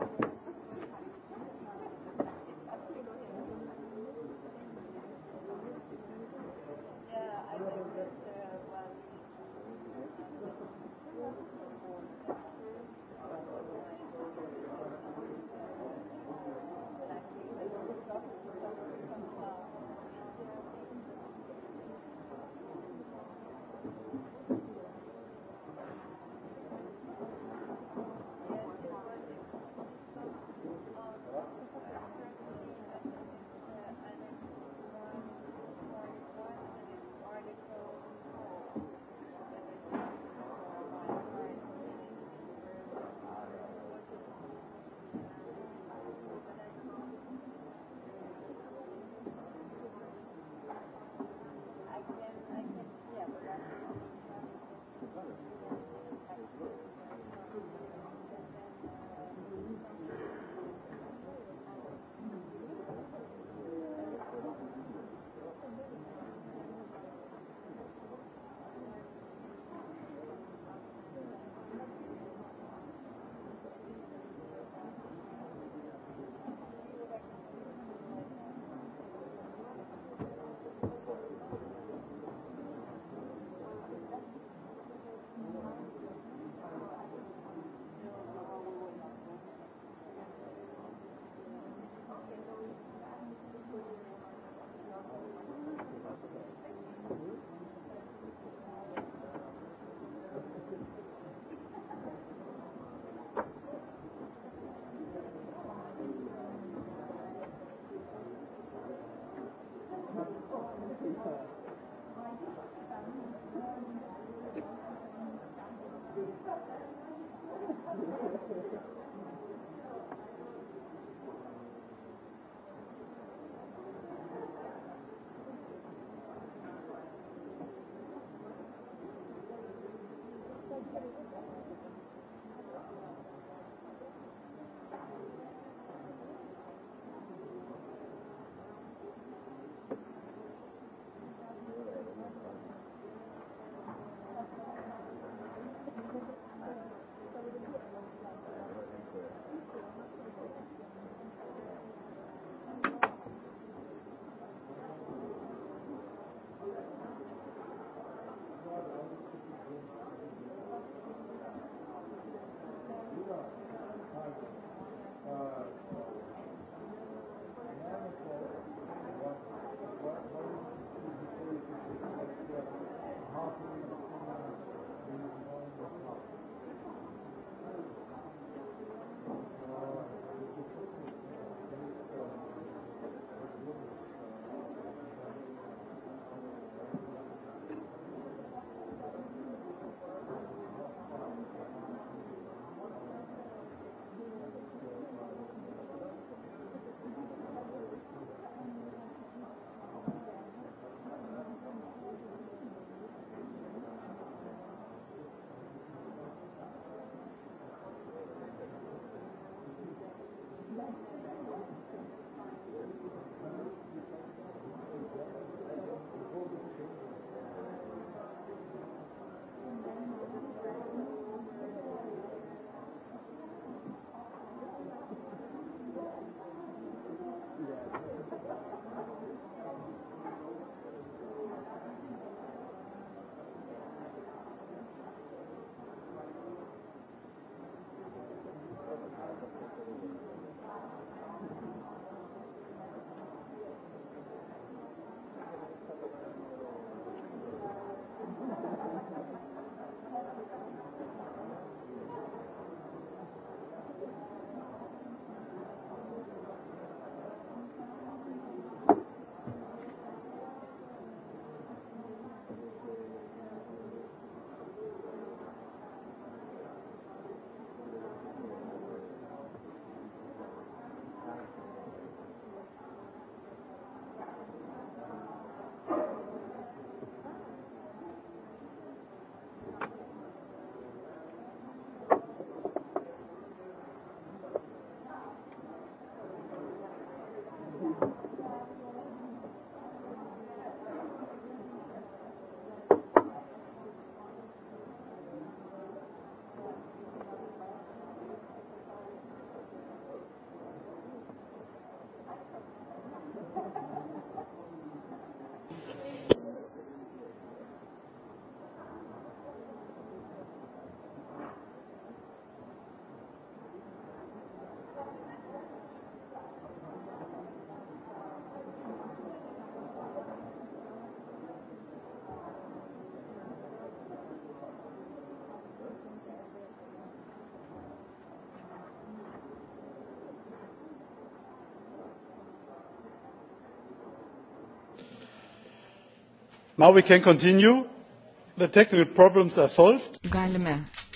Galime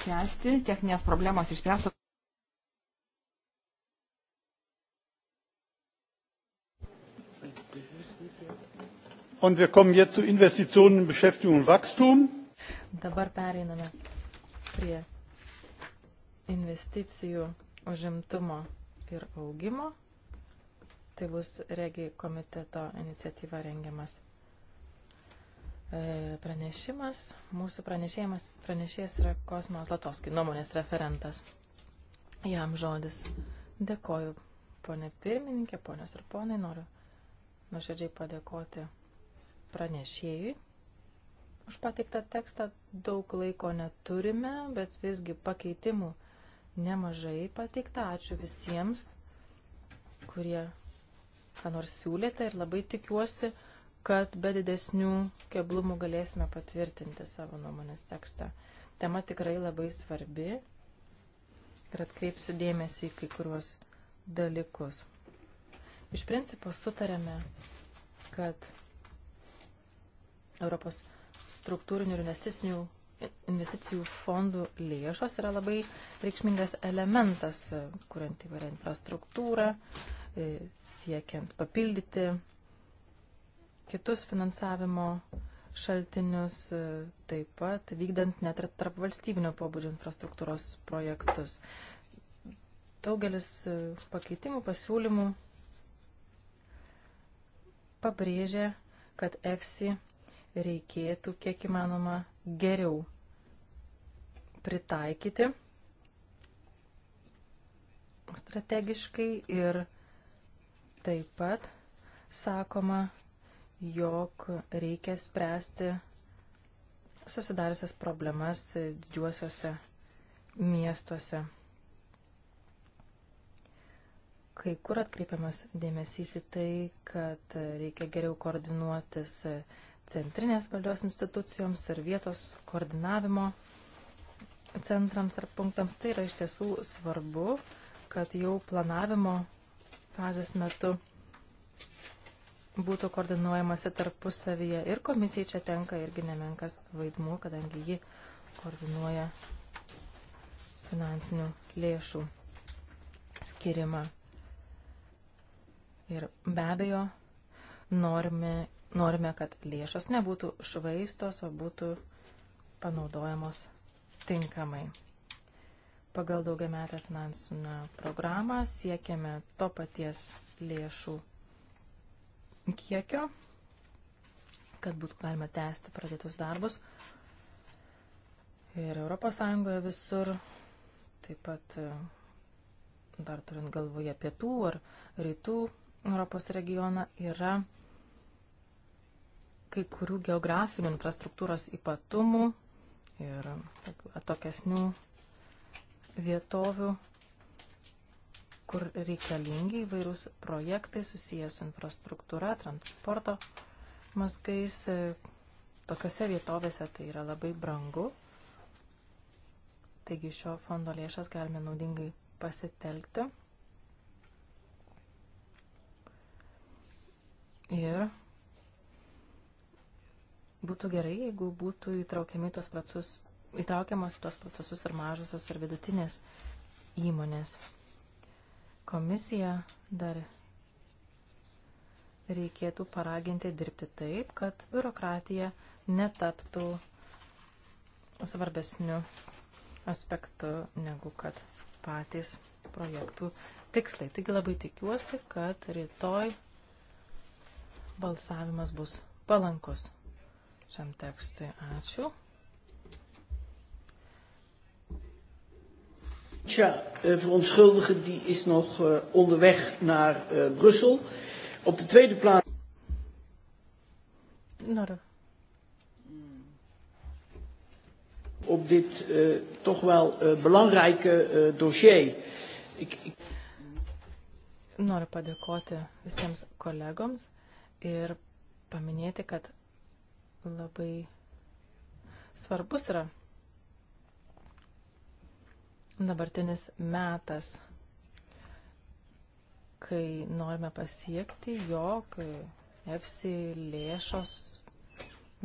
tęsti, techninės problemos išspręstos. Und wir kommen jetzt zu Investitionen in Beschäftigung und Wachstum. Dabar pereiname prie investicijų užimtumo ir augimo. Tai bus regi komiteto iniciatyva rengiamas E, pranešimas. Mūsų pranešėjimas, pranešėjas yra Kosmas Latovskis, nuomonės referentas. Jam žodis. Dėkoju, ponė pirmininkė, ponios ir ponai, noriu nuoširdžiai padėkoti pranešėjui. Už pateiktą tekstą daug laiko neturime, bet visgi pakeitimų nemažai pateikta. Ačiū visiems, kurie ką nors siūlėte ir labai tikiuosi, kad be didesnių keblumų galėsime patvirtinti savo nuomonės tekstą. Tema tikrai labai svarbi ir atkreipsiu dėmesį į kai kuriuos dalykus. Iš principo sutarėme, kad Europos struktūrinių ir investicinių investicijų fondų lėšos yra labai reikšmingas elementas, kuriant įvairią infrastruktūrą, e, siekiant papildyti kitus finansavimo šaltinius, e, taip pat vykdant net ir tarp valstybinio pobūdžio infrastruktūros projektus. Daugelis e, pakeitimų, pasiūlymų pabrėžia, kad EFSI reikėtų kiek įmanoma geriau pritaikyti strategiškai ir taip pat sakoma, jog reikia spręsti susidariusias problemas didžiuosiuose miestuose. Kai kur atkreipiamas dėmesys į tai, kad reikia geriau koordinuotis centrinės valdžios institucijoms ir vietos koordinavimo centrams ar punktams. Tai yra iš tiesų svarbu, kad jau planavimo fazės metu būtų koordinuojamasi tarpusavyje ir komisijai čia tenka irgi nemenkas vaidmuo, kadangi ji koordinuoja finansinių lėšų skirimą. Ir be abejo, norime, norime, kad lėšos nebūtų švaistos, o būtų panaudojamos tinkamai. Pagal daugiametę finansinę programą siekiame to paties lėšų kiekio, kad būtų galima tęsti pradėtus darbus. Ir ES visur, taip pat e, dar turint galvoje pietų ar rytų Europos regioną, yra kai kurių geografinių infrastruktūros yatumų ir atokesnių vietovių kur reikalingi įvairūs projektai susijęs su infrastruktūra, transporto mazgais. Tokiose vietovėse tai yra labai brangu. Taigi šio fondo lėšas galime naudingai pasitelkti. Ir būtų gerai, jeigu būtų įtraukiami tos procesus, įtraukiamas į tos procesus ir mažosios ir vidutinės įmonės. Komisija dar reikėtų paraginti dirbti taip, kad biurokratija netaptų svarbesniu aspektu negu kad patys projektų tikslai. Taigi labai tikiuosi, kad rytoj balsavimas bus palankus šiam tekstui. Ačiū. Tja, eh, verontschuldigen, die is nog uh, onderweg naar uh, Brussel. Op de tweede plaats. Noro. Op dit uh, toch wel uh, belangrijke uh, dossier. Ik, ik... Noriu padėkoti visiems kolegoms ir paminėti, kad labai svarbus yra dabartinis metas, kai norime pasiekti, jog EFSI lėšos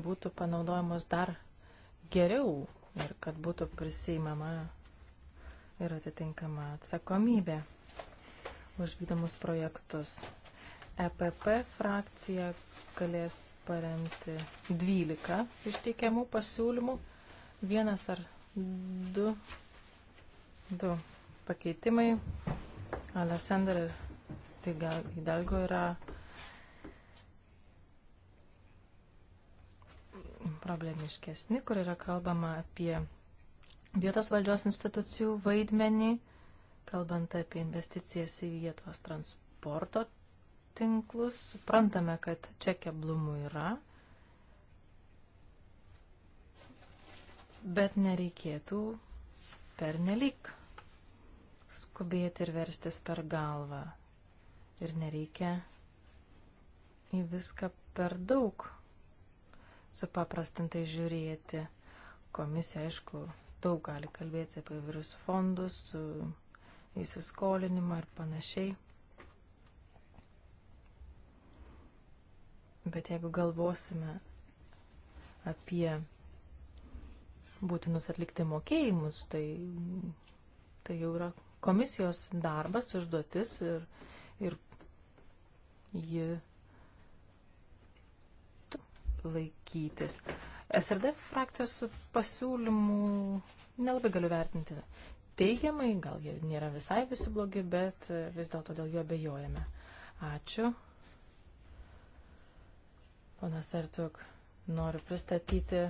būtų panaudojamos dar geriau ir kad būtų prisimama ir atitinkama atsakomybė už vykdomus projektus. EPP frakcija galės paremti 12 išteikiamų pasiūlymų. Vienas ar du Du pakeitimai. Alessander ir Hidalgo yra problemiškesni, kur yra kalbama apie vietos valdžios institucijų vaidmenį, kalbant apie investicijas į vietos transporto tinklus. Suprantame, kad čia keblumų yra, bet nereikėtų pernelik skubėti ir verstis per galvą. Ir nereikia į viską per daug supaprastintai žiūrėti. Komisija, aišku, daug gali kalbėti apie virus fondus, įsiskolinimą ir panašiai. Bet jeigu galvosime apie būtinus atlikti mokėjimus. Tai, tai jau yra komisijos darbas, užduotis ir, ir ji laikytis. SRD frakcijos pasiūlymų nelabai galiu vertinti teigiamai, gal jie nėra visai visi blogi, bet vis dėlto dėl jų abejojame. Ačiū. Ponas Artuk, noriu pristatyti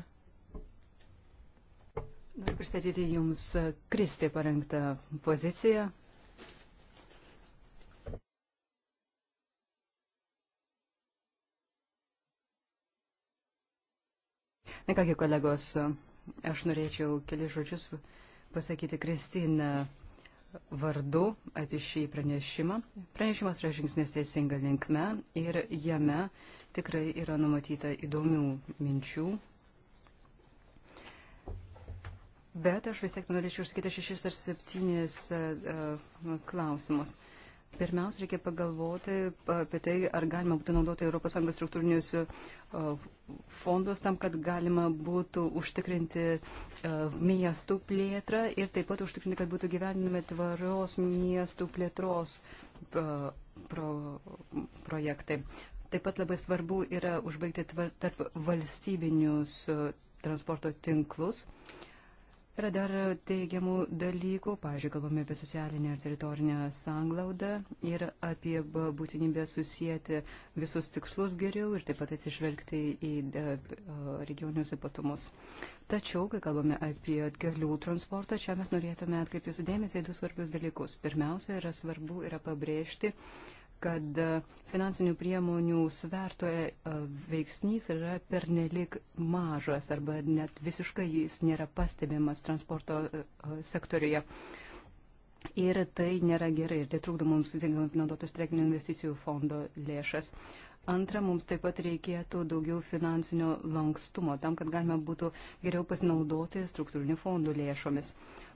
Noriu pristatyti Jums Kristi parengtą poziciją. Na kągi, kolegos, aš norėčiau keli žodžius pasakyti Kristina vardu apie šį pranešimą. Pranešimas yra žingsnis teisinga linkme ir jame tikrai yra numatyta įdomių minčių, Bet aš vis tiek norėčiau išsakyti šešis ar septynis e, e, klausimus. Pirmiausia, reikia pagalvoti apie tai, ar galima būtų naudoti ES struktūrinius e, fondus tam, kad galima būtų užtikrinti miestų plėtrą ir taip pat užtikrinti, kad būtų gyvenime tvarios miestų plėtros pro, projektai. Taip pat labai svarbu yra užbaigti tarp valstybinius transporto tinklus. Uh, Yra dar teigiamų dalykų, pavyzdžiui, kalbame apie socialinę ir teritorinę sanglaudą ir apie būtinybę susijęti visus tikslus geriau ir taip pat atsižvelgti į regionius ypatumus. Tačiau, kai kalbame apie kelių transportą, čia mes norėtume atkreipti sudėmesį į du svarbius dalykus. Pirmiausia, yra svarbu yra pabrėžti, kad e, finansinių priemonių svertoje e, veiksnys yra pernelik mažas arba net visiškai jis nėra pastebimas transporto e, sektoriuje. Ir tai nėra gerai ir tai trukdo mums naudotis strateginių investicijų fondo lėšas. Antra, mums taip pat reikėtų daugiau finansinio lankstumo tam, kad galima būtų geriau pasinaudoti struktūrinių fondų lėšomis.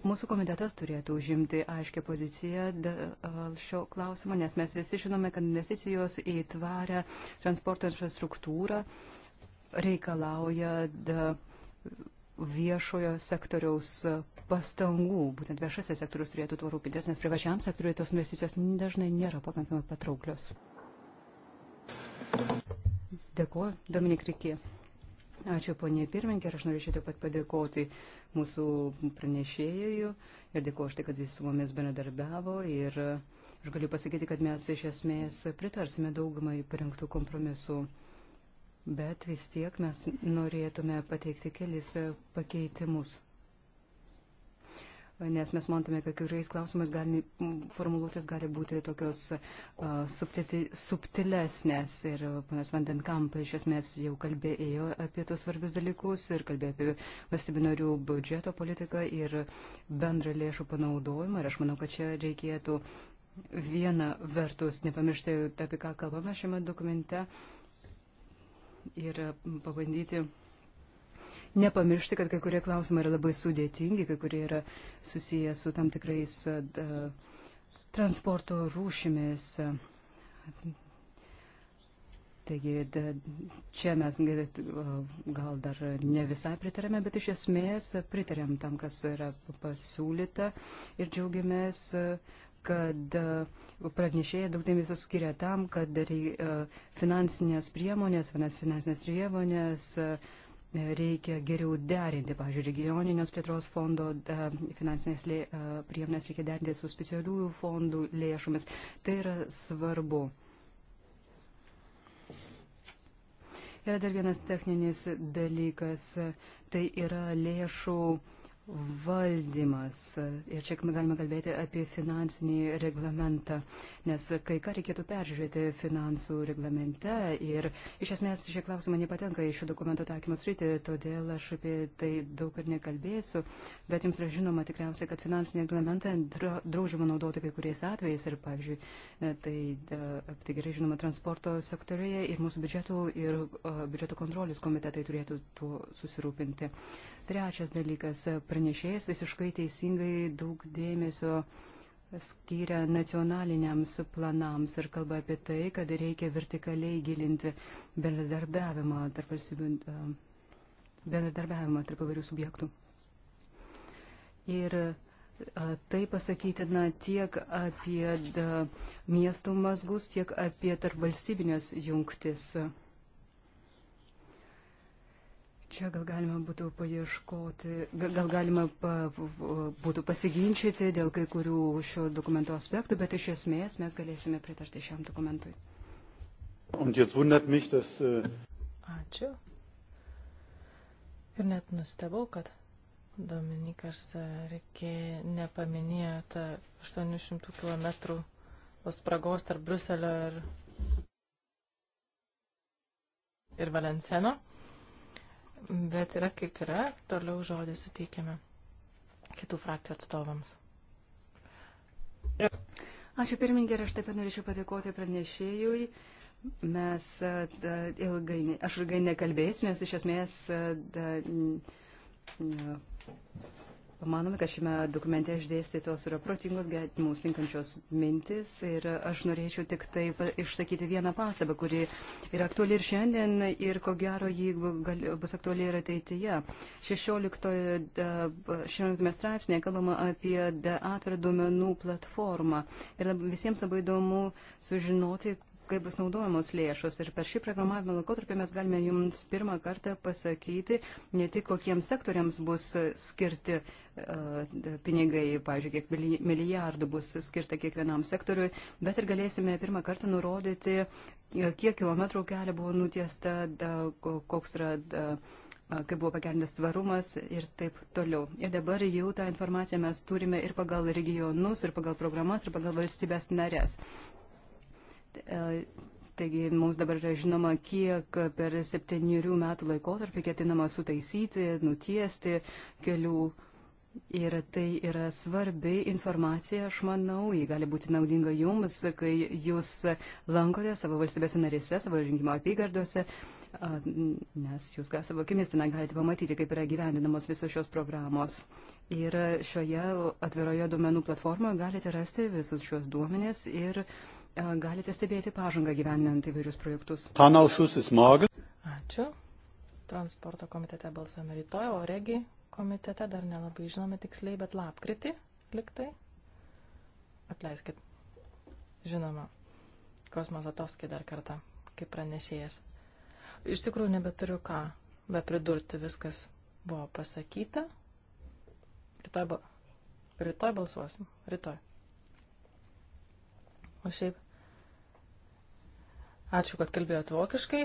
Mūsų komitetas turėtų užimti aiškę poziciją šio klausimo, nes mes visi žinome, kad investicijos į tvarę transporto infrastruktūrą reikalauja viešojo sektoriaus pastangų. Būtent viešasis sektorius turėtų tuo rūpintis, nes privačiam sektoriui tos investicijos dažnai nėra pakankamai patrauklios. Dėkuoju, Dominik Rikė. Ačiū, ponė pirmininkė, aš norėčiau taip pat padėkoti mūsų pranešėjui ir dėkuoju už tai, kad jis su mumis bendradarbiavo ir aš galiu pasakyti, kad mes iš esmės pritarsime daugumai parengtų kompromisų, bet vis tiek mes norėtume pateikti kelis pakeitimus nes mes matome, kad kuriais klausimais gali, formuluotės gali būti tokios uh, subtiti, subtilesnės. Ir panas Vandenkamp iš esmės jau kalbėjo apie tos svarbius dalykus ir kalbėjo apie valstybinarių biudžeto politiką ir bendrą lėšų panaudojimą. Ir aš manau, kad čia reikėtų vieną vertus nepamiršti, apie ką kalbame šiame dokumente ir pabandyti nepamiršti, kad kai kurie klausimai yra labai sudėtingi, kai kurie yra susiję su tam tikrais uh, transporto rūšimis. Taigi da, čia mes gal dar ne visai pritarėme, bet iš esmės pritarėm tam, kas yra pasiūlyta ir džiaugiamės, kad pranešėjai daug dėmesio skiria tam, kad finansinės priemonės, finansinės priemonės reikia geriau derinti, pavyzdžiui, regioninės plėtros fondo finansinės priemonės reikia derinti su specialiųjų fondų lėšomis. Tai yra svarbu. Yra dar vienas techninis dalykas, tai yra lėšų valdymas. Ir čia galime kalbėti apie finansinį reglamentą, nes kai ką reikėtų peržiūrėti finansų reglamente ir iš esmės šie klausimai nepatenka į šių dokumentų taikymus rytį, todėl aš apie tai daug ir nekalbėsiu, bet jums yra žinoma tikriausiai, kad finansinį reglamentą draudžiama naudoti kai kuriais atvejais ir, pavyzdžiui, e, tai, e, tai gerai žinoma transporto sektorėje ir mūsų biudžetų ir uh, biudžeto kontrolės komitetai turėtų tuo susirūpinti. Trečias dalykas, pranešėjas visiškai teisingai daug dėmesio skiria nacionaliniams planams ir kalba apie tai, kad reikia vertikaliai gilinti bendradarbiavimą tarp, e, bendradarbiavimą tarp įvairių subjektų. Ir e, Tai pasakytina tiek apie da, e, miestų mazgus, tiek apie tarpvalstybinės jungtis. Čia gal galima būtų paieškoti, gal galima pa, būtų pasiginčyti dėl kai kurių šio dokumento aspektų, bet iš esmės mes galėsime pritarti šiam dokumentui. Mich, dass, uh... Ačiū. Ir net nustebau, kad Dominikas e, Rikė nepaminėjo tą 800 km spragos tarp Bruselio ir, ir Valenceno bet yra kaip yra, toliau žodį suteikiame kitų frakcijų atstovams. Ačiū pirmininkė ir aš taip pat norėčiau padėkoti pranešėjui. Mes da, ilgai, aš ilgai nekalbėsiu, nes iš esmės da, da, Manome, kad šiame dokumente išdėstytos yra protingos, mums tinkančios mintis ir aš norėčiau tik tai išsakyti vieną pastabą, kuri yra aktuali ir šiandien ir ko gero jį bus aktuali ir ateityje. 16, 16 straipsnėje kalbama apie atvirą duomenų platformą ir visiems labai įdomu sužinoti, kaip bus naudojamos lėšos. Ir per šį programavimo laikotarpį mes galime jums pirmą kartą pasakyti ne tik kokiems sektoriams bus skirti e, pinigai, pavyzdžiui, kiek milijardų bus skirta kiekvienam sektoriui, bet ir galėsime pirmą kartą nurodyti, e, kiek kilometrų kelio buvo nutiesta, koks yra kaip buvo pagerintas tvarumas ir taip toliau. Ir dabar jau tą informaciją mes turime ir pagal regionus, ir pagal programas, ir pagal valstybės narės. E, taigi mums dabar yra žinoma, kiek per septyniarių metų laikotarpį ketinama sutaisyti, nutiesti kelių. Ir tai yra svarbi informacija, aš manau, ji gali būti naudinga jums, kai jūs lankote savo valstybės narėse, savo rinkimo apygardose, nes jūs gal savo akimis ten galite pamatyti, kaip yra gyvendinamos visos šios programos. Ir šioje atviroje duomenų platformoje galite rasti visus šios duomenės ir uh, E, galite stebėti pažangą gyvenant įvairius projektus. Ačiū. Transporto komitete balsuojame rytoj, o regi komitete dar nelabai žinome tiksliai, bet lapkritį liktai. Atleiskit. Žinoma, Kosmozatovskį dar kartą, kaip pranešėjas. Iš tikrųjų nebeturiu ką, be pridurti viskas buvo pasakyta. Rytoj, rytoj balsuosim. Rytoj. O šiaip Ačiū, kad kalbėjot vokiškai,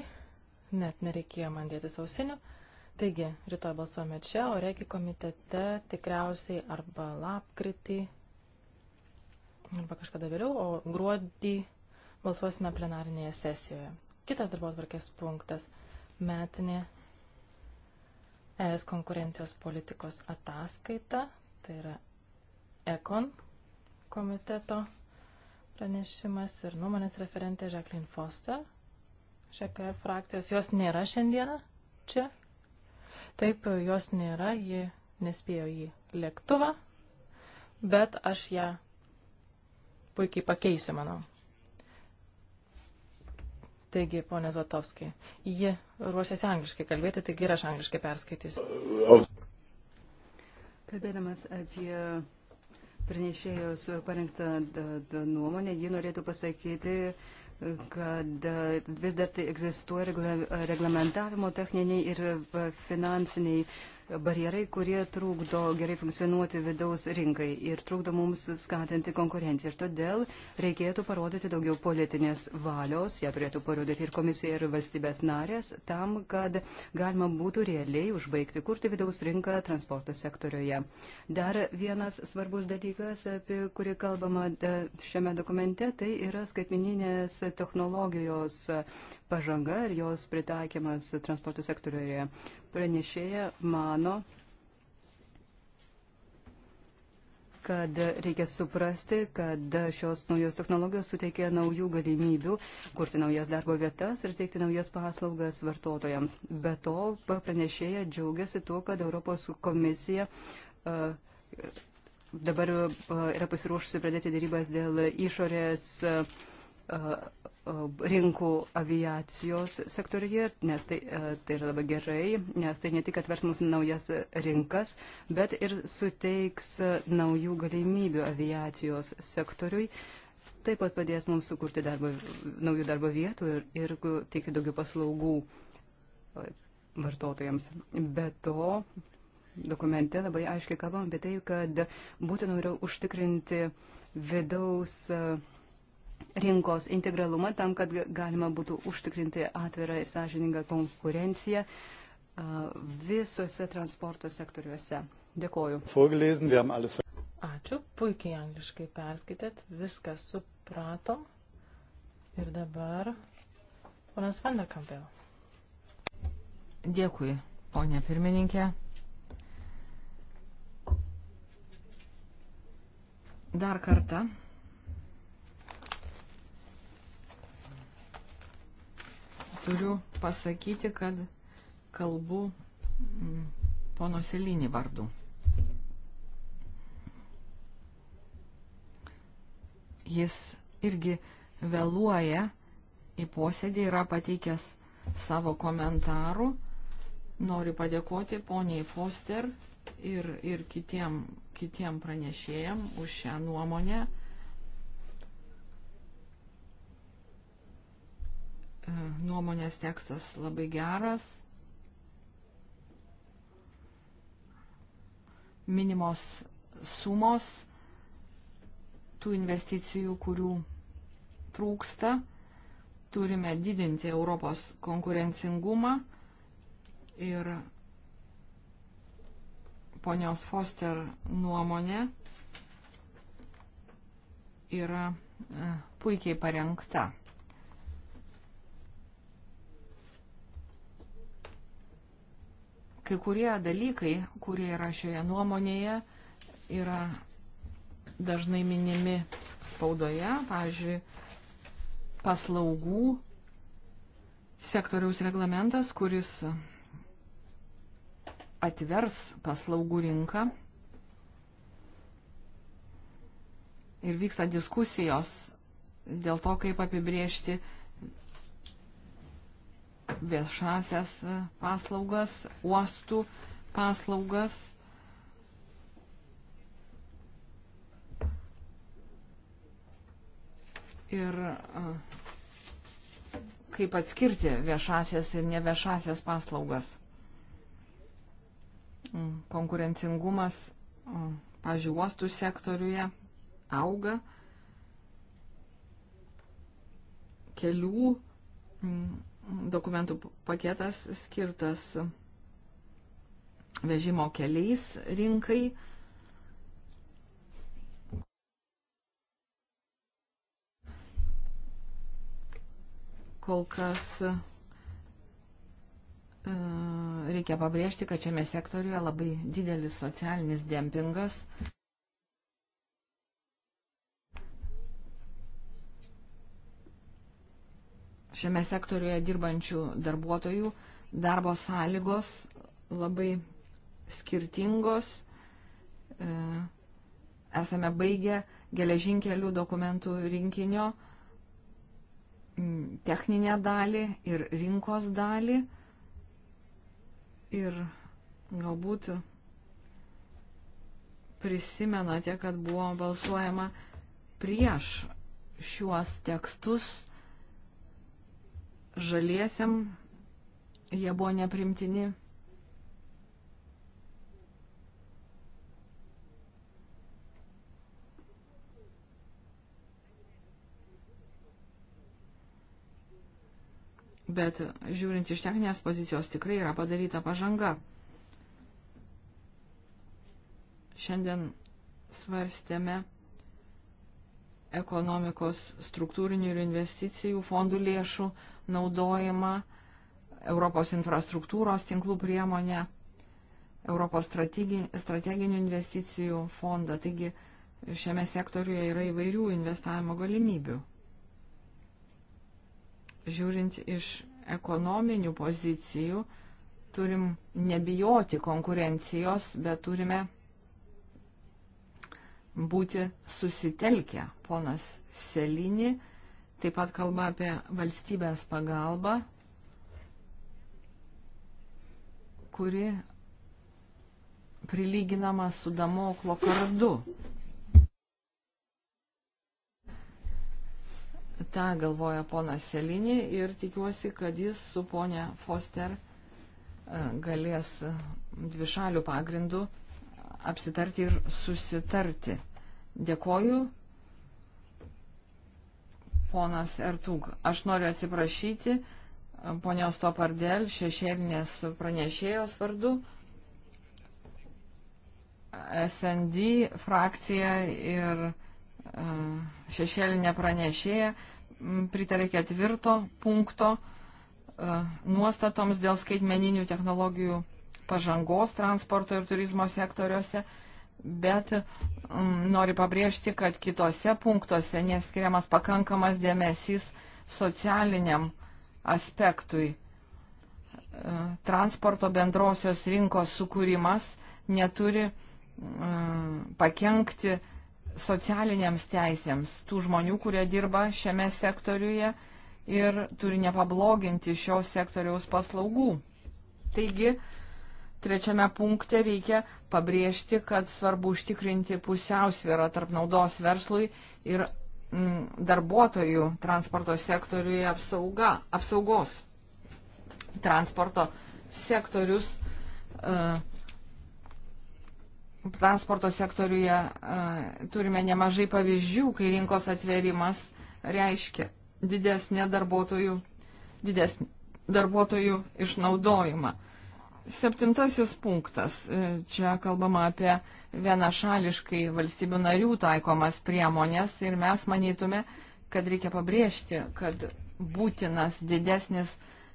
net nereikėjo man dėtis ausinių. Taigi, rytoj balsuojame čia, o reikia komitete tikriausiai arba lapkritį, arba kažkada vėliau, o gruodį balsuosime plenarinėje sesijoje. Kitas darbo atvarkės punktas - metinė ES konkurencijos politikos ataskaita, tai yra ECON komiteto pranešimas ir nuomonės referentė Žaklin Foster. ŽKR frakcijos, jos nėra šiandieną čia. Taip, jos nėra, ji nespėjo į lėktuvą, bet aš ją puikiai pakeisiu, manau. Taigi, ponė Zlatovskiai, ji ruošiasi angliškai kalbėti, taigi ir aš angliškai perskaitysiu. Kalbėdamas apie pranešėjos parengtą nuomonę. Ji norėtų pasakyti, kad vis dar tai egzistuoja reglamentavimo techniniai ir e, finansiniai barjerai, kurie trukdo gerai funkcionuoti vidaus rinkai ir trukdo mums skatinti konkurenciją. Ir todėl reikėtų parodyti daugiau politinės valios, ją turėtų parodyti ir komisija, ir valstybės narės, tam, kad galima būtų realiai užbaigti kurti vidaus rinką transporto sektoriuje. Dar vienas svarbus dalykas, apie kurį kalbama e, šiame dokumente, tai yra skaitmininės technologijos pažanga ir jos pritaikymas transporto sektoriuje. Pranešėja mano, kad reikia suprasti, kad šios naujos technologijos suteikia naujų galimybių kurti naujas darbo vietas ir teikti naujas paslaugas vartotojams. Be to, pranešėja džiaugiasi tuo, kad Europos komisija e, dabar e, yra pasiruošusi pradėti dėrybas dėl išorės e, rinkų aviacijos sektoriuje, nes tai, tai yra labai gerai, nes tai ne tik atvers mums naujas rinkas, bet ir suteiks naujų galimybių aviacijos sektoriui. Taip pat padės mums sukurti darbo, naujų darbo vietų ir, ir teikti daugiau paslaugų vartotojams. Be to, dokumente labai aiškiai kalbam apie tai, kad būtina yra užtikrinti vidaus uh, rinkos integralumą tam, kad galima būtų užtikrinti atvirą ir sąžiningą konkurenciją visuose transporto sektoriuose. Dėkoju. Ačiū, puikiai angliškai perskaitėt, viską supratom. Ir dabar ponas Vanderkamp vėl. Dėkui, ponė pirmininkė. Dar kartą turiu pasakyti, kad kalbu mm, pono Selinį vardu. Jis irgi vėluoja į posėdį, yra pateikęs savo komentarų. Noriu padėkoti poniai Foster ir, ir kitiem, kitiem pranešėjam už šią nuomonę. E, nuomonės tekstas labai geras. Minimos sumos tų investicijų, kurių trūksta. Turime didinti Europos konkurencingumą ir ponios Foster nuomonė yra e, puikiai parengta. Kai kurie dalykai, kurie yra šioje nuomonėje, yra dažnai minimi spaudoje, pavyzdžiui, paslaugų sektoriaus reglamentas, kuris atvers paslaugų rinką. Ir vyksta diskusijos dėl to, kaip apibriežti viešasias paslaugas, uostų paslaugas. Ir kaip atskirti viešasias ir neviešasias paslaugas. Mm, konkurencingumas, pažiūrėjau, uostų sektoriuje auga. Kelių mm, dokumentų paketas skirtas vežimo keliais rinkai. Kol kas e, reikia pabrėžti, kad šiame sektoriuje labai didelis socialinis dempingas. šiame sektoriuje dirbančių darbuotojų darbo sąlygos labai skirtingos. E, esame baigę geležinkelių dokumentų rinkinio techninę dalį ir rinkos dalį. Ir galbūt prisimenate, kad buvo balsuojama prieš šiuos tekstus žaliesiam, jie buvo neprimtini. Bet žiūrint iš techninės pozicijos tikrai yra padaryta pažanga. Šiandien svarstėme ekonomikos struktūrinių ir investicijų fondų lėšų naudojimą, Europos infrastruktūros tinklų priemonę, Europos strateginių investicijų fondą. Taigi šiame sektoriuje yra įvairių investavimo galimybių. Žiūrint iš ekonominių pozicijų, turim nebijoti konkurencijos, bet turime būti susitelkę. Ponas Selinį Taip pat kalba apie valstybės pagalbą, kuri prilyginama su Damoklo kardu. Ta galvoja ponas Selinį ir tikiuosi, kad jis su ponia Foster e, galės dvišalių pagrindų apsitarti ir susitarti. Dėkoju Ponas Ertug, aš noriu atsiprašyti e, ponios Topardėl šešėlinės pranešėjos vardu. SND frakcija ir e, šešėlinė pranešėja pritarė ketvirto punkto e, nuostatoms dėl skaitmeninių technologijų pažangos transporto ir turizmo sektoriuose bet mm, noriu pabrėžti, kad kitose punktuose neskiriamas pakankamas dėmesys socialiniam aspektui. E, transporto bendrosios rinkos sukūrimas neturi mm, pakengti socialiniams teisėms tų žmonių, kurie dirba šiame sektoriuje ir turi nepabloginti šio sektoriaus paslaugų. Taigi, uh, trečiame punkte reikia pabrėžti, kad svarbu užtikrinti pusiausvyrą tarp naudos verslui ir m, mm, darbuotojų transporto sektoriuje apsauga, apsaugos. Transporto sektorius. Uh, Transporto sektoriuje uh, turime nemažai pavyzdžių, kai rinkos atverimas reiškia didesnį darbuotojų, didesnį darbuotojų išnaudojimą. Uh, Septintasis punktas. E, čia kalbama apie vienašališkai valstybių narių taikomas priemonės ir mes manytume, kad reikia pabrėžti, kad būtinas didesnis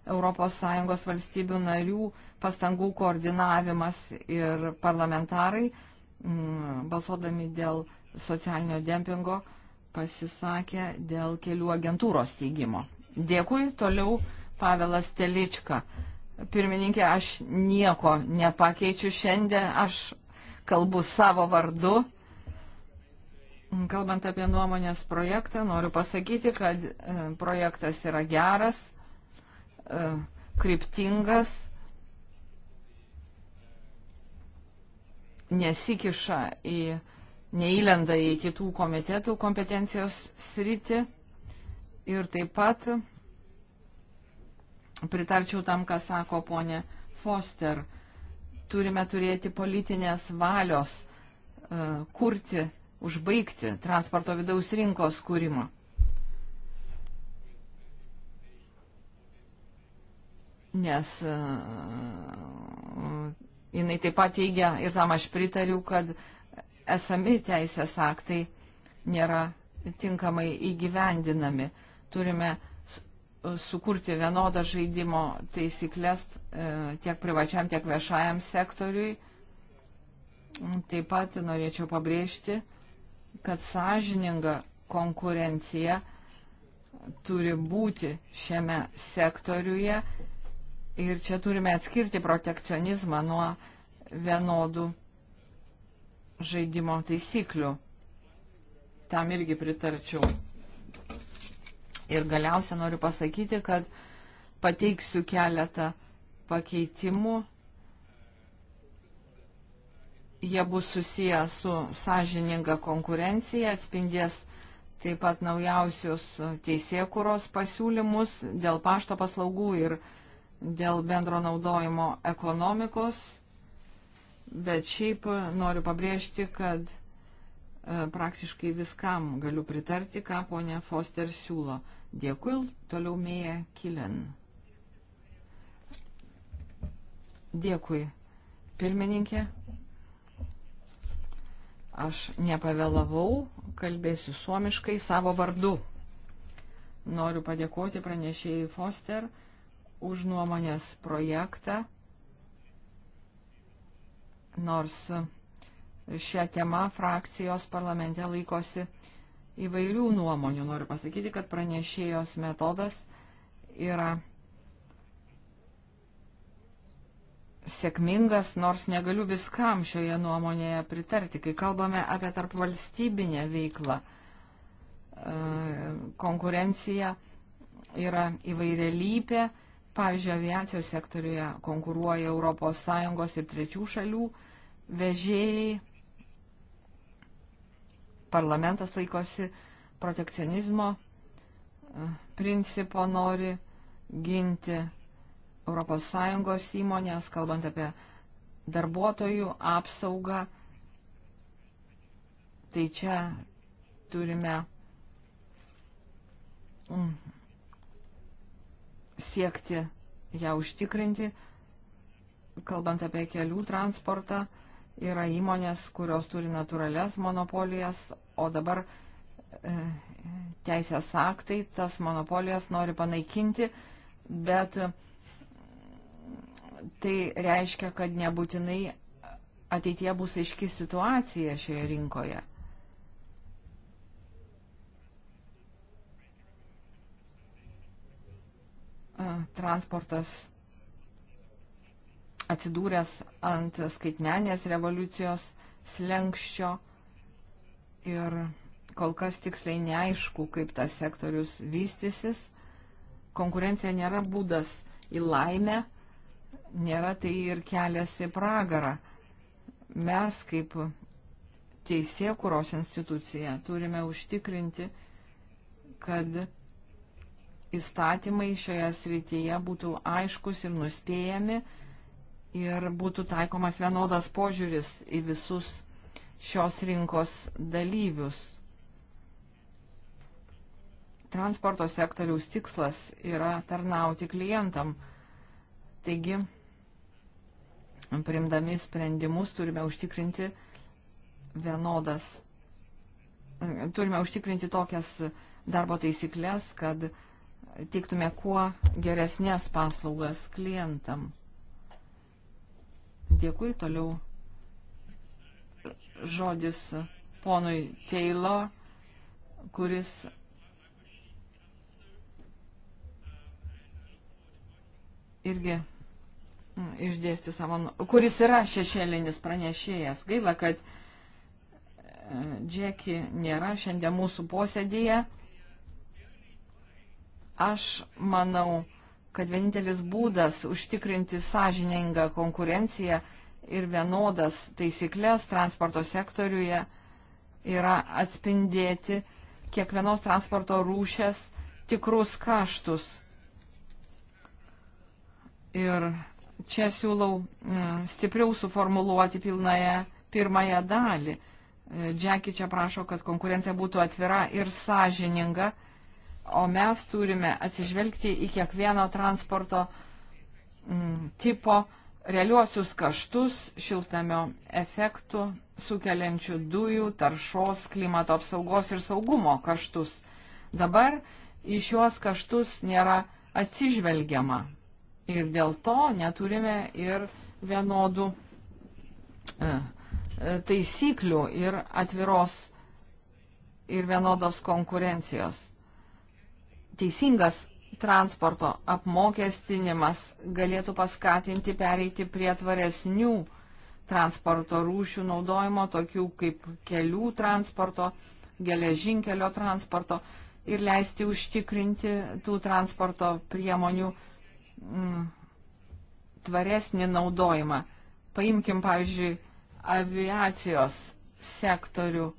ES valstybių narių pastangų koordinavimas ir parlamentarai, mm, balsuodami dėl socialinio dempingo, pasisakė dėl kelių agentūros teigimo. Dėkui, toliau Pavelas Telička pirmininkė, aš nieko nepakeičiu šiandien, aš kalbu savo vardu. Kalbant apie nuomonės projektą, noriu pasakyti, kad e, projektas yra geras, e, kryptingas, nesikiša į, neįlenda į kitų komitetų kompetencijos sritį ir taip pat pritarčiau tam, ką sako ponė Foster. Turime turėti politinės valios e, kurti, užbaigti transporto vidaus rinkos kūrimą. Nes e, jinai taip pat teigia, ir tam aš pritariu, kad esami teisės aktai nėra tinkamai įgyvendinami. Turime sukurti vienodą žaidimo taisyklės e, tiek privačiam, tiek viešajam sektoriui. Taip pat norėčiau pabrėžti, kad sąžininga konkurencija turi būti šiame sektoriuje ir čia turime atskirti protekcionizmą nuo vienodų žaidimo taisyklių. Tam irgi pritarčiau. Ir galiausia noriu pasakyti, kad pateiksiu keletą pakeitimų. Jie bus susiję su sąžininga konkurencija, atspindės taip pat naujausius teisėkuros pasiūlymus dėl pašto paslaugų ir dėl bendro naudojimo ekonomikos. Bet šiaip noriu pabrėžti, kad e, praktiškai viskam galiu pritarti, ką ponė Foster siūlo. Dėkui, toliau Mėja Kilen. Dėkui, pirmininkė. Aš nepavėlavau, kalbėsiu suomiškai savo vardu. Noriu padėkoti pranešėjai Foster už nuomonės projektą, nors šią temą frakcijos parlamente laikosi įvairių nuomonių. Noriu pasakyti, kad pranešėjos metodas yra sėkmingas, nors negaliu viskam šioje nuomonėje pritarti. Kai kalbame apie tarp valstybinę veiklą, e, konkurencija yra įvairialypė. Pavyzdžiui, aviacijos sektoriuje konkuruoja ES ir trečių šalių vežėjai parlamentas laikosi protekcionizmo e, principo, nori ginti ES įmonės, kalbant apie darbuotojų apsaugą. Tai čia turime mm, siekti ją užtikrinti, kalbant apie kelių transportą yra įmonės, kurios turi natūrales monopolijas, o dabar e, teisės aktai tas monopolijas nori panaikinti, bet e, tai reiškia, kad nebūtinai ateitie bus aiški situacija šioje rinkoje. E, transportas atsidūręs ant skaitmenės revoliucijos slengščio ir kol kas tiksliai neaišku, kaip tas sektorius vystysis. Konkurencija nėra būdas į laimę, nėra tai ir kelias į pragarą. Mes kaip teisė kuros institucija turime užtikrinti, kad įstatymai šioje srityje būtų aiškus ir nuspėjami, ir būtų taikomas vienodas požiūris į visus šios rinkos dalyvius. Transporto sektoriaus tikslas yra tarnauti klientam. Taigi, primdami sprendimus turime užtikrinti vienodas, turime užtikrinti tokias darbo taisyklės, kad teiktume kuo geresnės paslaugas klientam. Dėkui toliau. Žodis ponui Taylor, kuris irgi mm, išdėsti savo, nu, kuris yra šešėlinis pranešėjas. Gaila, kad e, Džeki nėra šiandien mūsų posėdėje. Aš manau, kad vienintelis būdas užtikrinti sąžiningą konkurenciją ir vienodas taisyklės transporto sektoriuje yra atspindėti kiekvienos transporto rūšės tikrus kaštus. Ir čia siūlau mm, stipriau suformuluoti pilnąją pirmąją dalį. Džeki čia prašo, kad konkurencija būtų atvira ir sąžininga o mes turime atsižvelgti į kiekvieno transporto m, mm, tipo realiuosius kaštus šiltnamio efektų sukeliančių dujų, taršos, klimato apsaugos ir saugumo kaštus. Dabar į šiuos kaštus nėra atsižvelgiama ir dėl to neturime ir vienodų e, e, taisyklių ir atviros ir vienodos konkurencijos teisingas transporto apmokestinimas galėtų paskatinti pereiti prie tvaresnių transporto rūšių naudojimo, tokių kaip kelių transporto, geležinkelio transporto ir leisti užtikrinti tų transporto priemonių mm, tvaresnį naudojimą. Paimkim, pavyzdžiui, aviacijos sektorių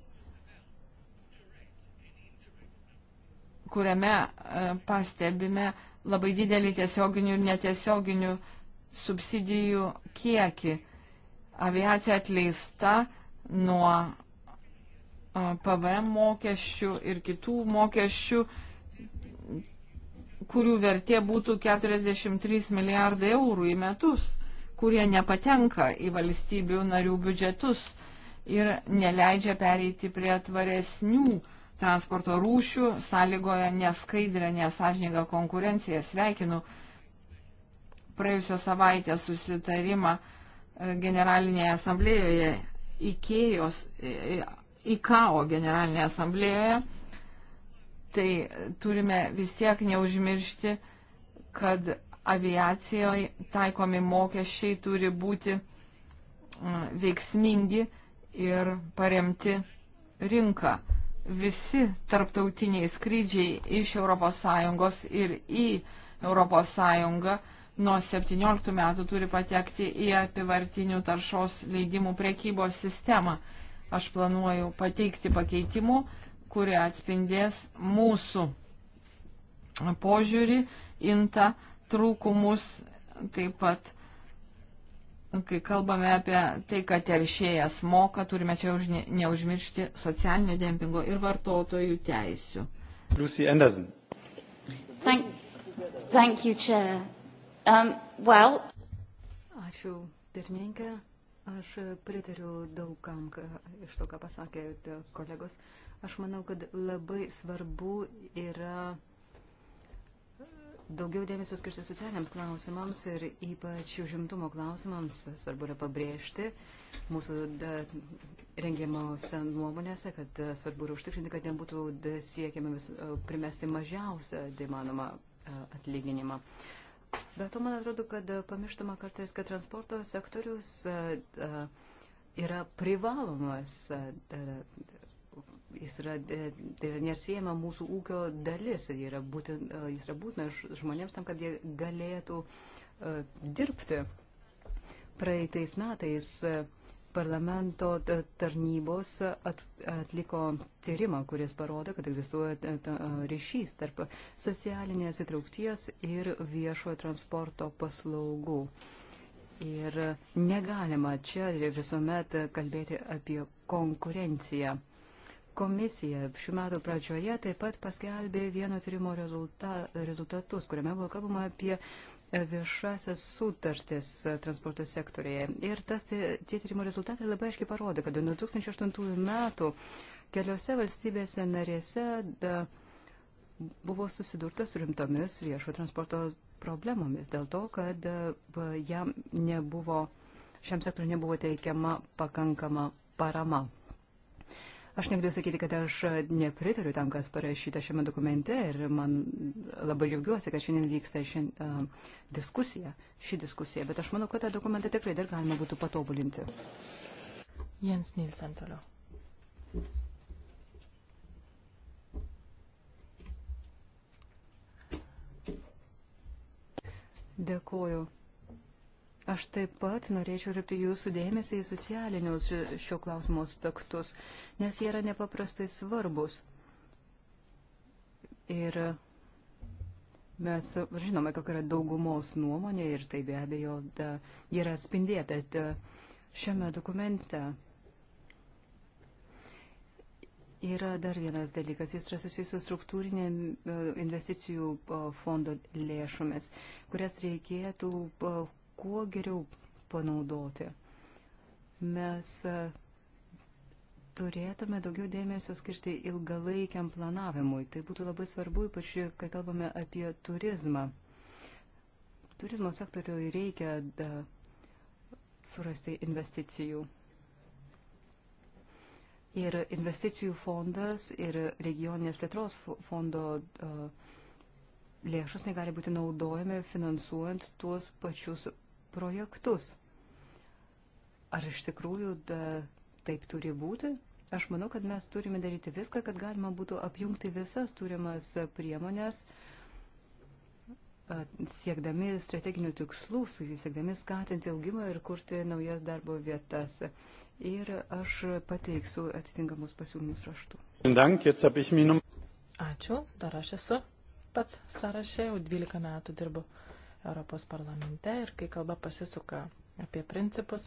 kuriame e, pastebime labai didelį tiesioginių ir netiesioginių subsidijų kiekį. Aviacija atleista nuo e, PVM mokesčių ir kitų mokesčių, kurių vertė būtų 43 milijardai eurų į metus, kurie nepatenka į valstybių narių biudžetus ir neleidžia pereiti prie tvaresnių uh, transporto rūšių, sąlygoja neskaidrę, nesažiningą konkurenciją. Sveikinu praėjusią savaitę susitarimą e, generalinėje asamblėjoje, IKEOS, e, e, IKAO generalinėje asamblėjoje. Tai turime vis tiek neužmiršti, kad aviacijoje taikomi mokesčiai turi būti veiksmingi ir paremti rinką visi tarptautiniai skrydžiai iš ES ir į ES nuo 17 metų turi patekti į apivartinių taršos leidimų prekybos sistemą. Aš planuoju pateikti pakeitimų, kurie atspindės mūsų požiūrį, inta trūkumus, taip pat kai kalbame apie tai, kad teršėjas moka, turime čia už, neužmiršti socialinio dempingo ir vartotojų teisių. Lucy Anderson. Thank, thank you, Chair. Um, well... Ačiū, pirmininkė. Aš pritariu daugam iš to, ką pasakė kolegos. Aš manau, kad labai svarbu yra Daugiau dėmesio skirti socialiniams klausimams ir ypač užimtumo klausimams svarbu yra pabrėžti mūsų rengiamose nuomonėse, kad e, svarbu yra užtikrinti, kad nebūtų siekiama vis, e, primesti mažiausią įmanomą e, atlyginimą. Bet to man atrodo, kad pamirštama kartais, kad transporto sektorius yra privalomas. A, a, jis yra, e, tai yra nesijama mūsų ūkio dalis, e, jis yra, būtin, jis yra būtinas žmonėms tam, kad jie galėtų uh, dirbti. Praeitais metais parlamento tarnybos at, atliko tyrimą, kuris parodo, kad egzistuoja ryšys tarp socialinės įtraukties ir viešojo transporto paslaugų. Ir negalima čia visuomet kalbėti apie konkurenciją Komisija šių metų pradžioje taip pat paskelbė vieno tyrimo rezulta, rezultatus, kuriame buvo kalbama apie viešasias sutartis transporto sektorėje. Ir tas, tie tyrimo rezultatai labai aiškiai parodė, kad nuo 2008 metų keliose valstybėse narėse da, buvo susidurta su rimtomis viešo transporto problemomis dėl to, kad jam nebuvo, šiam sektoriu nebuvo teikiama pakankama parama. Aš negaliu sakyti, kad aš nepritariu tam, kas parašyta šiame dokumente ir man labai džiaugiuosi, kad šiandien vyksta ši uh, diskusija, ši diskusija, bet aš manau, kad tą dokumentą tikrai dar galima būtų patobulinti. Jens Nilsen toliau. Dėkuoju. Aš taip pat norėčiau ripti jūsų dėmesį į socialinius šio klausimo aspektus, nes jie yra nepaprastai svarbus. Ir mes žinome, kokia yra daugumos nuomonė ir tai be abejo da, yra spindėta da, šiame dokumente. Yra dar vienas dalykas, jis yra susijęs su struktūrinė e, investicijų fondo lėšomis, kurias reikėtų kuo geriau panaudoti. Mes e, turėtume daugiau dėmesio skirti ilgalaikiam planavimui. Tai būtų labai svarbu, ypač kai kalbame apie turizmą. Turizmo sektoriui reikia da, surasti investicijų. Ir investicijų fondas ir regioninės plėtros fondo uh, lėšos negali būti naudojami finansuojant tuos pačius projektus. Ar iš tikrųjų da, taip turi būti? Aš manau, kad mes turime daryti viską, kad galima būtų apjungti visas turimas priemonės, siekdami strateginių tikslų, siekdami skatinti augimą ir kurti naujas darbo vietas. Ir aš pateiksiu atitinkamus pasiūlymus raštu. Ačiū, dar aš esu pats sąraše, jau 12 metų dirbu Europos parlamente ir kai kalba pasisuka apie principus,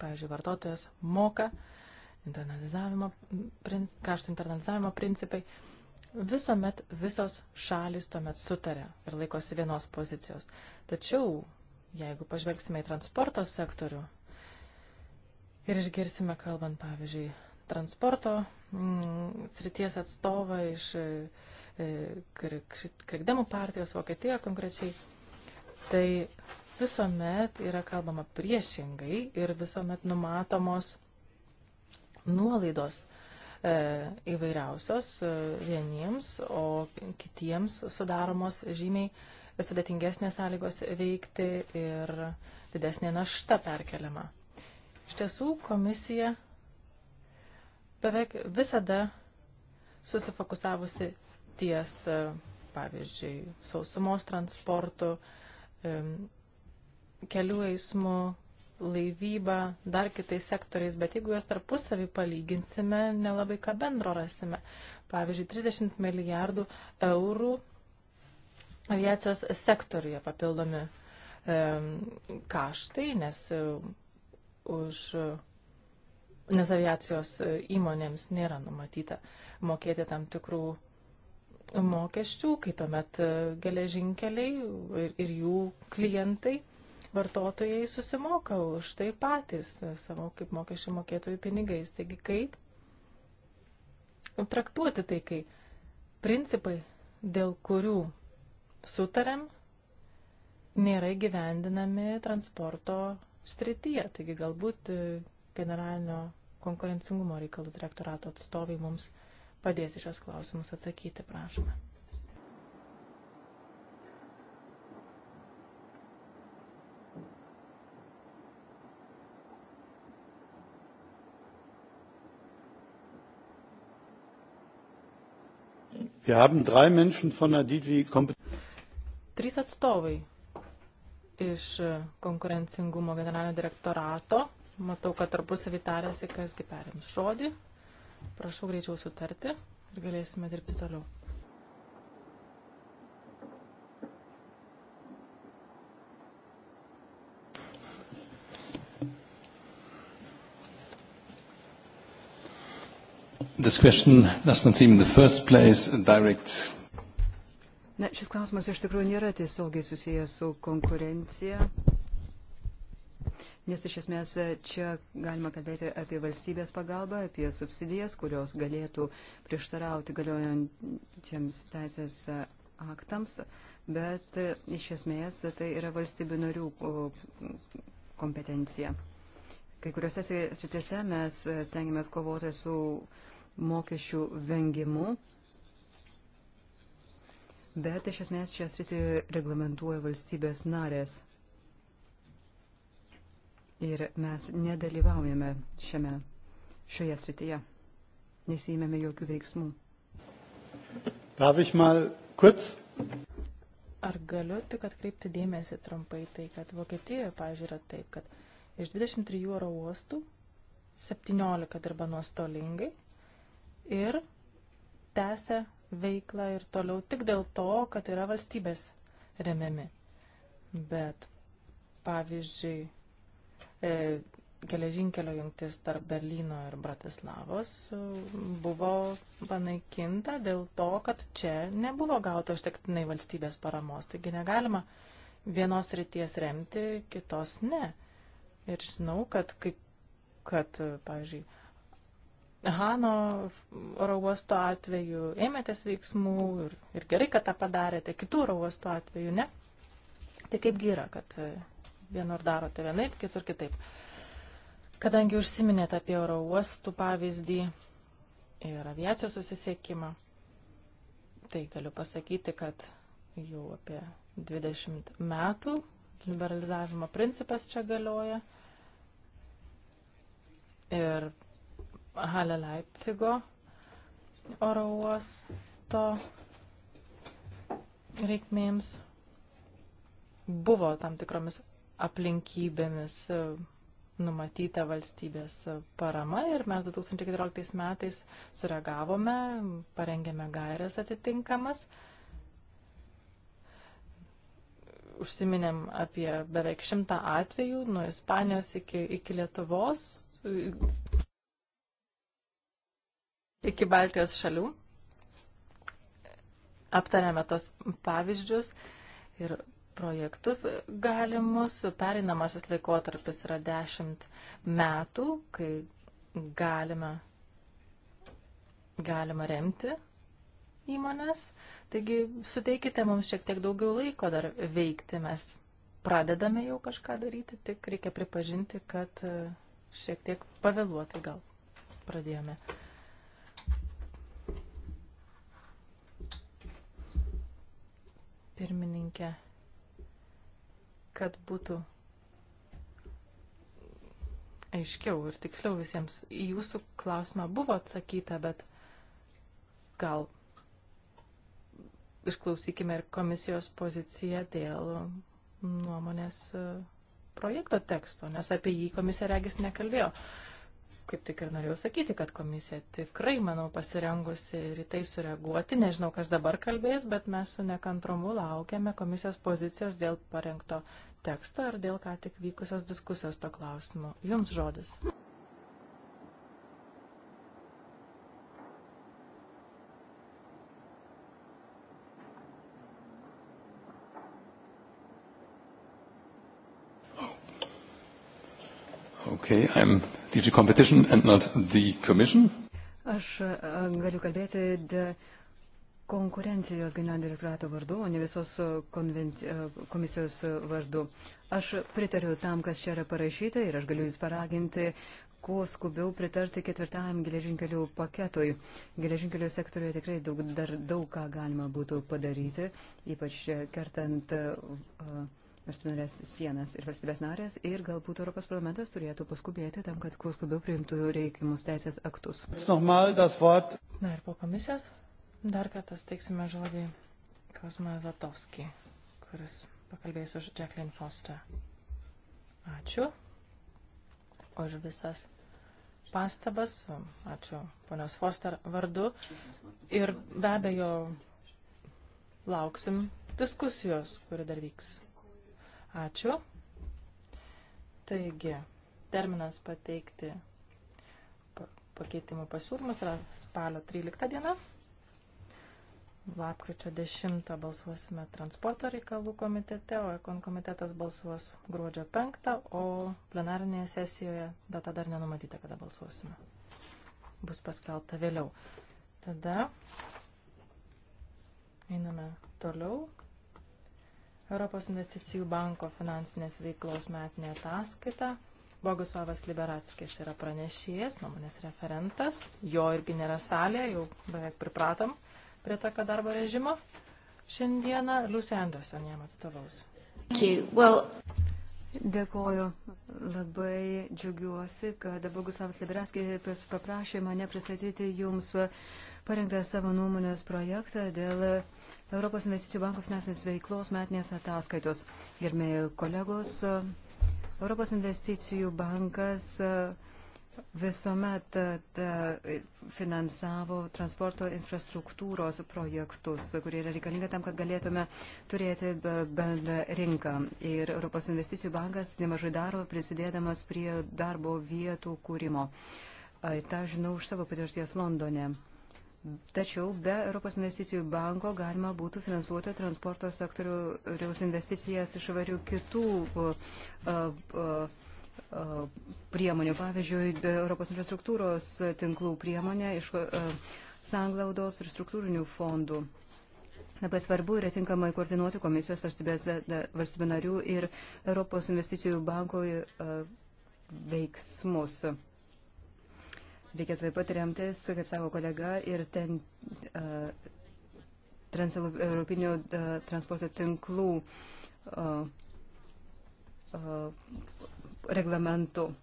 pavyzdžiui, vartotojas moka, internalizavimo, kaštų internalizavimo principai, visuomet visos šalis tuomet sutarė ir laikosi vienos pozicijos. Tačiau, jeigu pažvelgsime į transporto sektorių ir išgirsime, kalbant, pavyzdžiui, transporto mm, srities atstovą iš mm, E, krikdemų partijos, Vokietija konkrečiai, tai visuomet yra kalbama priešingai ir visuomet numatomos nuolaidos e, įvairiausios e, vieniems, o kitiems sudaromos žymiai sudėtingesnės sąlygos veikti ir didesnė našta perkeliama. Iš tiesų, komisija beveik visada susifokusavusi ties, e, pavyzdžiui, sausumos transportu, e, kelių eismu, laivybą, dar kitais sektoriais, bet jeigu juos tarpusavį palyginsime, nelabai ką bendro rasime. Pavyzdžiui, 30 milijardų eurų aviacijos sektoriuje papildomi e, kaštai, nes už nes aviacijos įmonėms nėra numatyta mokėti tam tikrų mokesčių, kai tuomet e, geležinkeliai ir, ir jų klientai, vartotojai susimoka už tai patys e, savo kaip mokesčių mokėtojų pinigais. Taigi kaip traktuoti tai, kai principai, dėl kurių sutarėm, nėra gyvendinami transporto srityje. Taigi galbūt e, generalinio konkurencingumo reikalų direktorato atstovai mums padės į šios klausimus atsakyti, prašome. Wir haben drei Menschen von der DG Trys atstovai iš e, konkurencingumo generalinio direktorato. Matau, kad tarpusavį tarėsi, kasgi perims žodį. Prašau greičiau sutarti ir galėsime dirbti toliau. This question does not seem in the first place a direct. Na, šis klausimas iš tikrųjų nėra tiesiogiai susijęs su konkurencija nes iš esmės e, čia galima kalbėti apie valstybės pagalbą, apie subsidijas, kurios galėtų prieštarauti galiojantiems teisės e, aktams, bet e, iš esmės tai yra valstybių narių kompetencija. Kai kuriuose sritise mes stengiamės kovoti su mokesčių vengimu, bet iš esmės šią sritį reglamentuoja valstybės narės ir mes nedalyvaujame šiame, šioje srityje, nesijimėme jokių veiksmų. Ar galiu tik atkreipti dėmesį trumpai tai, kad Vokietijoje, pažiūrė, taip, kad iš 23 oro uostų 17 dirba nuostolingai ir tęsia veiklą ir toliau tik dėl to, kad yra valstybės remiami. Bet, pavyzdžiui, E, geležinkelio jungtis tarp Berlyno ir Bratislavos e, buvo panaikinta dėl to, kad čia nebuvo gauta užtektinai valstybės paramos. Taigi negalima vienos ryties remti, kitos ne. Ir žinau, kad, kaip, kad e, pavyzdžiui, Hano oro uosto atveju ėmėtės veiksmų ir, ir gerai, kad tą padarėte, kitų oro uosto atveju ne. Tai kaipgi yra, kad vienur darote vienaip, kitur kitaip. Kadangi užsiminėte apie oro uostų pavyzdį ir aviacijos susisiekimą, tai galiu pasakyti, kad jau apie 20 metų liberalizavimo principas čia galioja. Ir Halle Leipzigo oro uosto reikmėms buvo tam tikromis aplinkybėmis e, numatyta valstybės parama ir mes 2014 metais sureagavome, parengėme gairias atitinkamas, užsiminėm apie beveik šimtą atvejų nuo Ispanijos iki, iki Lietuvos, iki Baltijos šalių. Aptarėme tos pavyzdžius ir projektus galimus. Pereinamasis laikotarpis yra 10 metų, kai galima, galima remti įmonės. Taigi suteikite mums šiek tiek daugiau laiko dar veikti. Mes pradedame jau kažką daryti, tik reikia pripažinti, kad e, šiek tiek pavėluotai gal pradėjome. pirmininkė kad būtų aiškiau ir tiksliau visiems. Į jūsų klausimą buvo atsakyta, bet gal išklausykime ir komisijos poziciją dėl nuomonės e, projekto teksto, nes apie jį komisija regis nekalbėjo. Kaip tik ir norėjau sakyti, kad komisija tikrai, manau, pasirengusi ir į tai sureaguoti. Nežinau, kas dabar kalbės, bet mes su nekantrumu laukiame komisijos pozicijos dėl parengto teksto teksto ir dėl ką tik vykusios diskusijos to klausimu. Jums žodis. Okay, I'm DG Competition and not the Commission. Aš e, galiu kalbėti konkurencijos generalinio direktorato vardu, o ne visos e, e, komisijos e, vardu. Aš pritariu tam, kas čia yra parašyta ir aš galiu Jūs paraginti kuo skubiau pritarti ketvirtajam geležinkelių paketui. Geležinkelių sektoriuje tikrai daug, dar daug ką galima būtų padaryti, ypač kertant valstybės uh, sienas ir valstybės narės ir galbūt Europos parlamentas turėtų paskubėti tam, kad kuo skubiau priimtų reikimus teisės aktus. Na ir po komisijos Dar kartą suteiksime žodį Kosma Vatovski, kuris pakalbės už Jacqueline Foster. Ačiū už visas pastabas. Ačiū ponios Foster vardu. Ir be abejo lauksim diskusijos, kuri dar vyks. Ačiū. Taigi, terminas pateikti pakeitimų pasiūlymus yra spalio 13 diena. Lapkričio 10 balsuosime transporto reikalų komitete, o ekon komitetas balsuos gruodžio 5, o plenarinėje sesijoje data dar nenumatyta, kada balsuosime. Bus paskelbta vėliau. Tada einame toliau. Europos investicijų banko finansinės veiklos metinė ataskaita. Boguslavas Liberatskis yra pranešėjas, nuomonės referentas. Jo irgi nėra salė, jau beveik pripratom. Uh, prie tokio darbo režimo. Šiandieną Liusi Anderson jam atstovaus. Well... Dėkoju. Labai džiugiuosi, kad Boguslavas Liberaskis paprašė mane pristatyti jums parengtą savo nuomonės projektą dėl Europos investicijų banko finansinės veiklos metinės ataskaitos. Gerbėjai kolegos, Europos investicijų bankas. Uh, visuomet e, e, finansavo transporto infrastruktūros projektus, kurie yra reikalinga tam, kad galėtume turėti bendrą rinką. Ir Europos investicijų bankas nemažai daro, prisidėdamas prie darbo vietų kūrimo. Ir e, tą žinau už savo patirties Londone. Tačiau be Europos investicijų banko galima būtų finansuoti transporto sektoriaus investicijas iš įvairių kitų uh, uh, priemonių. Pavyzdžiui, Europos infrastruktūros tinklų priemonė iš sanglaudos ir struktūrinių fondų. Labai svarbu yra tinkamai koordinuoti komisijos valstybių narių ir Europos investicijų banko veiksmus. Reikia taip pat remtis, kaip savo kolega, ir ten uh, transeuropinio uh, transporto tinklų uh, uh, reglamentu.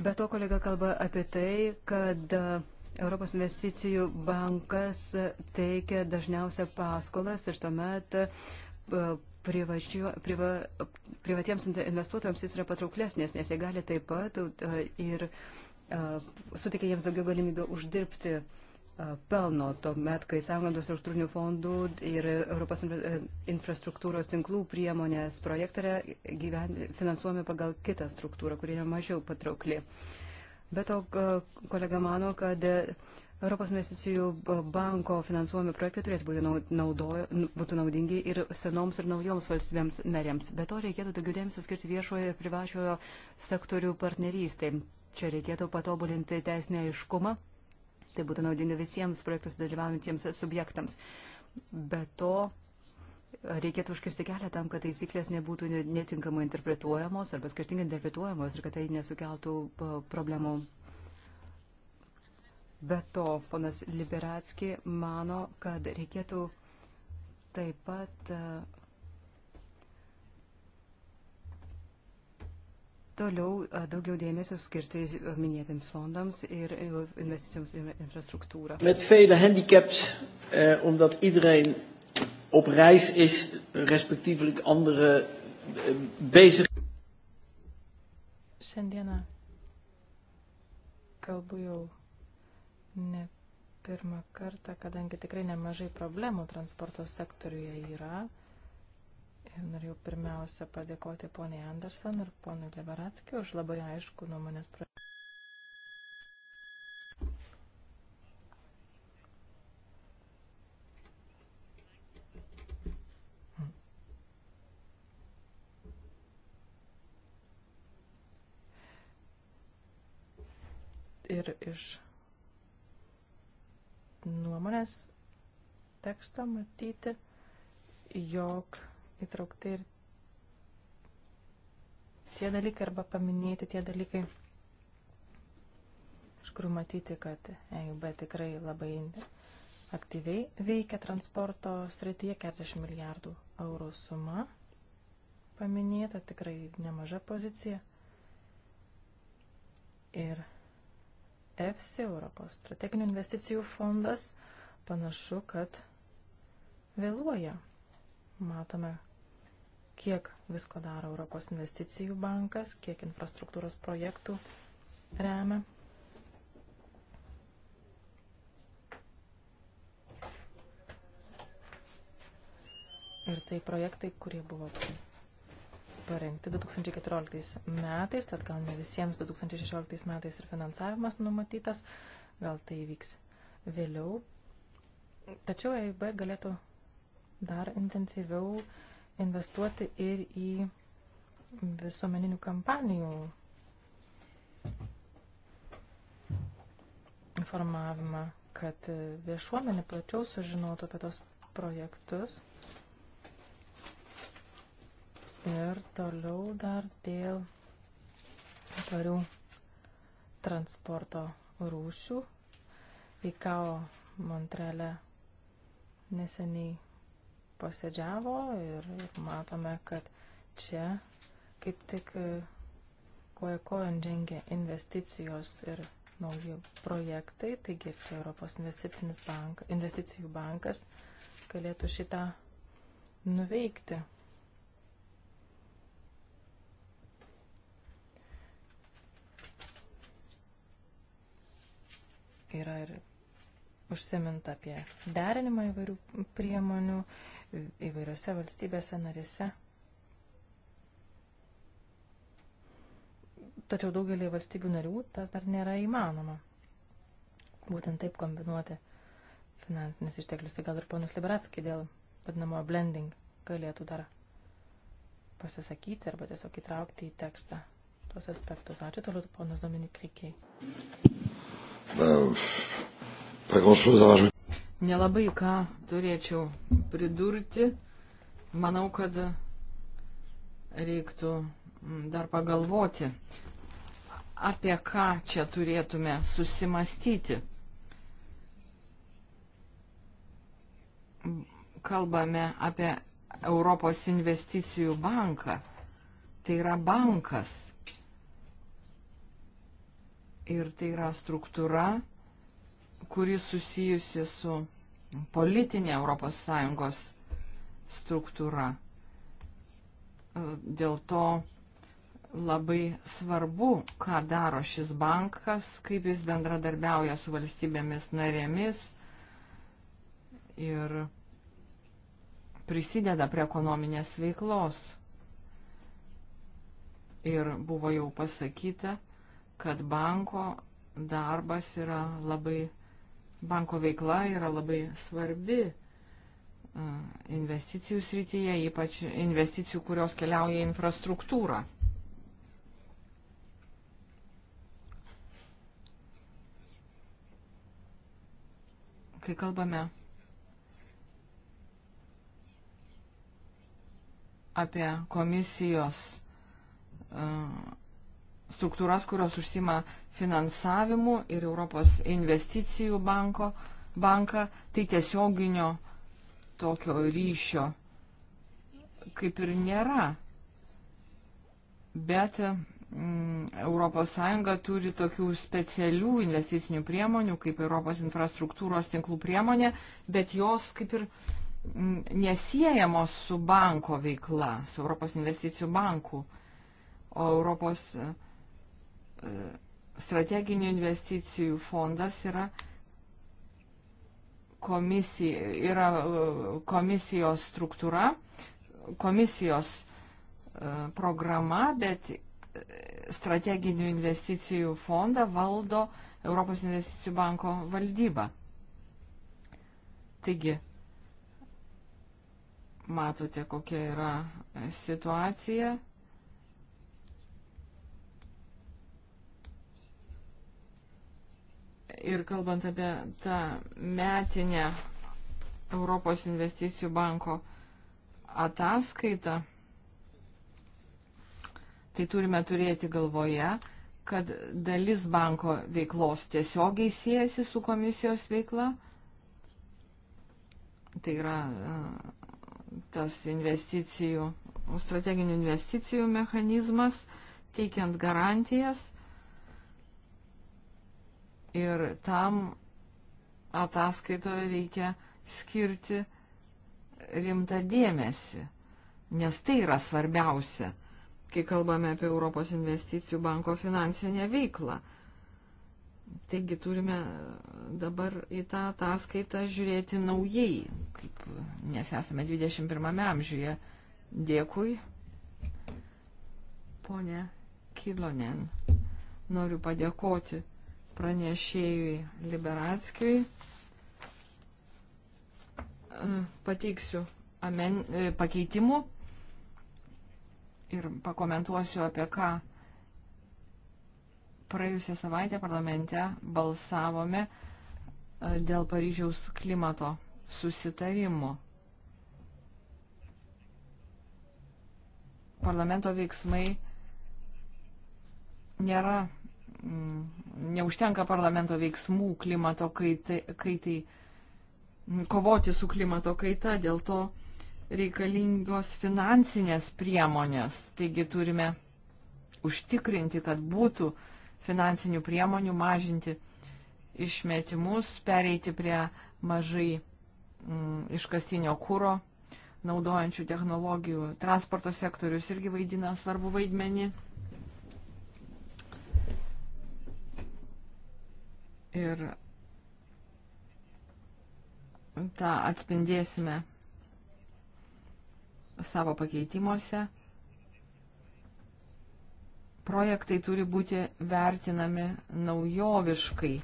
Be to kolega kalba apie tai, kad e, Europos investicijų bankas e, teikia dažniausia paskolas ir tuomet e, privačiu, priva, privatiems investuotojams jis yra patrauklesnis, nes jie gali taip pat ir suteikia jiems daugiau galimybę uždirbti uh, pelno, tuomet, kai sąjungos struktūrinių fondų ir Europos e, infrastruktūros tinklų priemonės projektai yra gyven, finansuomi pagal kitą struktūrą, kuri yra mažiau patraukli. Bet to kolega mano, kad Europos investicijų banko finansuojami projektai turėtų būti, naudojo, būtų naudingi ir senoms ir naujoms valstybėms narėms. Be to reikėtų daugiau dėmesio skirti viešojo ir privačiojo sektorių partnerystai. Čia reikėtų patobulinti teisinę aiškumą Tai būtų naudinga visiems projektus dalyvaujantiems subjektams. Be to, reikėtų užkirsti kelią tam, kad taisyklės nebūtų netinkamai interpretuojamos arba skirtingai interpretuojamos ir kad tai nesukeltų problemų. Be to, ponas Liberatski mano, kad reikėtų taip pat toliau daugiau dėmesio skirti minėtiems fondams ir investicijoms į infrastruktūrą. Met vele handicaps, eh, omdat iedereen op reis is, respectievelijk andere eh, bezig. Šiandieną kalbu jau ne pirmą kartą, kadangi tikrai nemažai problemų transporto sektoriuje yra Ir norėjau pirmiausia padėkoti poniai Anderson ir ponui Liberatskiu už labai aišku nuomonės projektą. ir iš nuomonės teksto matyti, jog įtraukti ir tie dalykai arba paminėti tie dalykai, iš kurių matyti, kad EIB tikrai labai aktyviai veikia transporto srityje 40 milijardų eurų suma paminėta, tikrai nemaža pozicija. Ir EFSI, Europos strateginių investicijų fondas, panašu, kad vėluoja. Matome, kiek visko daro Europos investicijų bankas, kiek infrastruktūros projektų remia. Ir tai projektai, kurie buvo parengti 2014 metais, tad gal ne visiems 2016 metais ir finansavimas numatytas, gal tai įvyks vėliau. Tačiau EIB galėtų dar intensyviau uh, investuoti ir į visuomeninių kampanijų informavimą, kad viešuomenė plačiau sužinotų apie tos projektus. Ir toliau dar dėl tvarių transporto rūšių. Vykao Montrele neseniai posėdžiavo ir, ir matome, kad čia kaip tik e, koja kojon žengia investicijos ir nauji projektai, taigi čia Europos bank, investicijų bankas galėtų šitą nuveikti. Yra ir užsiminta apie derinimą įvairių priemonių įvairiose valstybėse narėse. Tačiau daugelį valstybių narių tas dar nėra įmanoma. Būtent taip kombinuoti finansinius išteklius. Tai gal ir ponas Liberatski dėl vadinamojo blending galėtų dar pasisakyti arba tiesiog įtraukti į tekstą tuos aspektus. Ačiū toliau, ponas Dominik Reikiai. Nelabai ką turėčiau pridurti. Manau, kad reiktų mm, dar pagalvoti, apie ką čia turėtume susimastyti. Kalbame apie Europos investicijų banką. Tai yra bankas. Ir tai yra struktūra, kuri susijusi su politinė ES struktūra. E, dėl to labai svarbu, ką daro šis bankas, kaip jis bendradarbiauja su valstybėmis narėmis ir prisideda prie ekonominės veiklos. Ir buvo jau pasakyta, kad banko darbas yra labai Banko veikla yra labai svarbi investicijų srityje, ypač investicijų, kurios keliauja į infrastruktūrą. Kai kalbame apie komisijos uh, struktūras, kurios užsima finansavimu ir Europos investicijų banko, banką, tai tiesioginio tokio ryšio kaip ir nėra. Bet mm, ES turi tokių specialių investicinių priemonių, kaip Europos infrastruktūros tinklų priemonė, bet jos kaip ir mm, nesiejamos su banko veikla, su Europos investicijų banku. O Europos uh, strateginių investicijų fondas yra, komisija, yra e, komisijos struktūra, komisijos e, programa, bet e, strateginių investicijų fondą valdo Europos investicijų banko valdyba. Taigi, matote, kokia yra situacija. ir kalbant apie tą metinę Europos investicijų banko ataskaitą, tai turime turėti galvoje, kad dalis banko veiklos tiesiogiai siejasi su komisijos veikla. Tai yra e, tas investicijų, strateginių investicijų mechanizmas, teikiant garantijas ir tam ataskaitoje reikia skirti rimtą dėmesį, nes tai yra svarbiausia, kai kalbame apie Europos investicijų banko finansinę veiklą. Taigi turime dabar į tą ataskaitą žiūrėti naujai, kaip, nes esame 21 amžiuje. Dėkui, ponė Kilonen. Noriu padėkoti pranešėjui Liberatskijui. E, pateiksiu amen, e, pakeitimų ir pakomentuosiu, apie ką praėjusią savaitę parlamente balsavome e, dėl Paryžiaus klimato susitarimo. Parlamento veiksmai nėra mm, neužtenka parlamento veiksmų klimato kaitai, kaitai kovoti su klimato kaita, dėl to reikalingos finansinės priemonės. Taigi turime užtikrinti, kad būtų finansinių priemonių mažinti išmetimus, pereiti prie mažai m, mm, iškastinio kūro naudojančių technologijų. Transporto sektorius irgi vaidina svarbu vaidmenį. ir tą atspindėsime savo pakeitimuose. Projektai turi būti vertinami naujoviškai,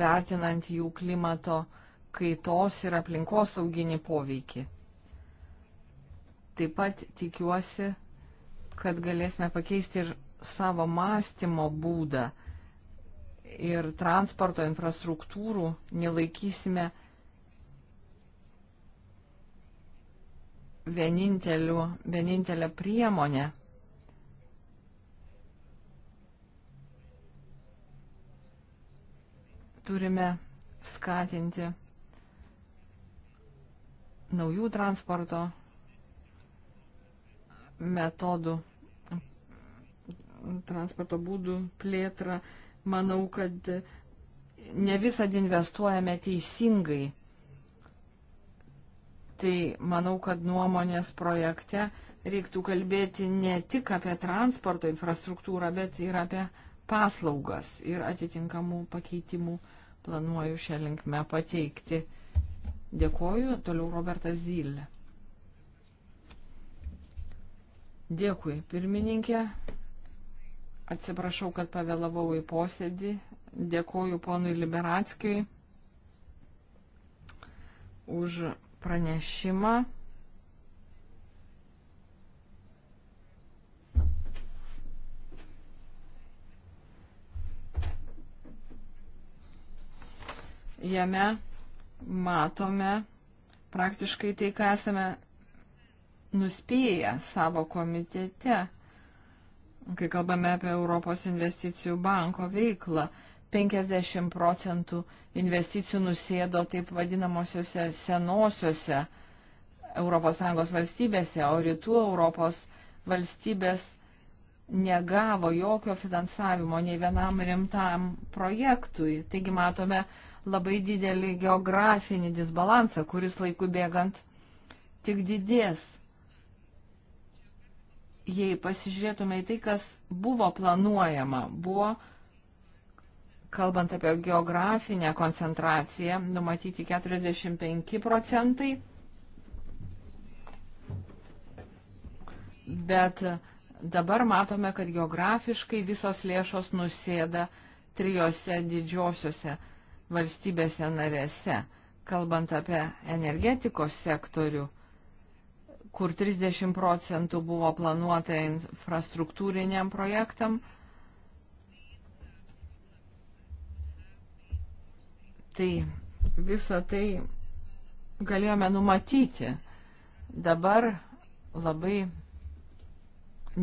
vertinant jų klimato kaitos ir aplinkos sauginį poveikį. Taip pat tikiuosi, kad galėsime pakeisti ir savo mąstymo būdą, ir transporto infrastruktūrų nelaikysime vienintelę priemonę. Turime skatinti naujų transporto metodų, transporto būdų plėtrą manau, kad ne visad investuojame teisingai. Tai manau, kad nuomonės projekte reiktų kalbėti ne tik apie transporto infrastruktūrą, bet ir apie paslaugas ir atitinkamų pakeitimų planuoju šią linkmę pateikti. Dėkoju, toliau Robertas Zylė. Dėkui, pirmininkė. Atsiprašau, kad pavėlavau į posėdį. Dėkoju ponui Liberatskijui už pranešimą. Jame matome praktiškai tai, ką esame nuspėję savo komitete kai kalbame apie Europos investicijų banko veiklą. 50 procentų investicijų nusėdo taip vadinamosiose senosiose ES valstybėse, o rytų Europos valstybės negavo jokio finansavimo nei vienam rimtam projektui. Taigi matome labai didelį geografinį disbalansą, kuris laiku bėgant tik didės jei pasižiūrėtume į tai, kas buvo planuojama, buvo, kalbant apie geografinę koncentraciją, numatyti 45 procentai, bet dabar matome, kad geografiškai visos lėšos nusėda trijose didžiosiuose valstybėse narėse, kalbant apie energetikos sektorių kur 30 procentų buvo planuota infrastruktūriniam projektam. Tai visą tai galėjome numatyti. Dabar labai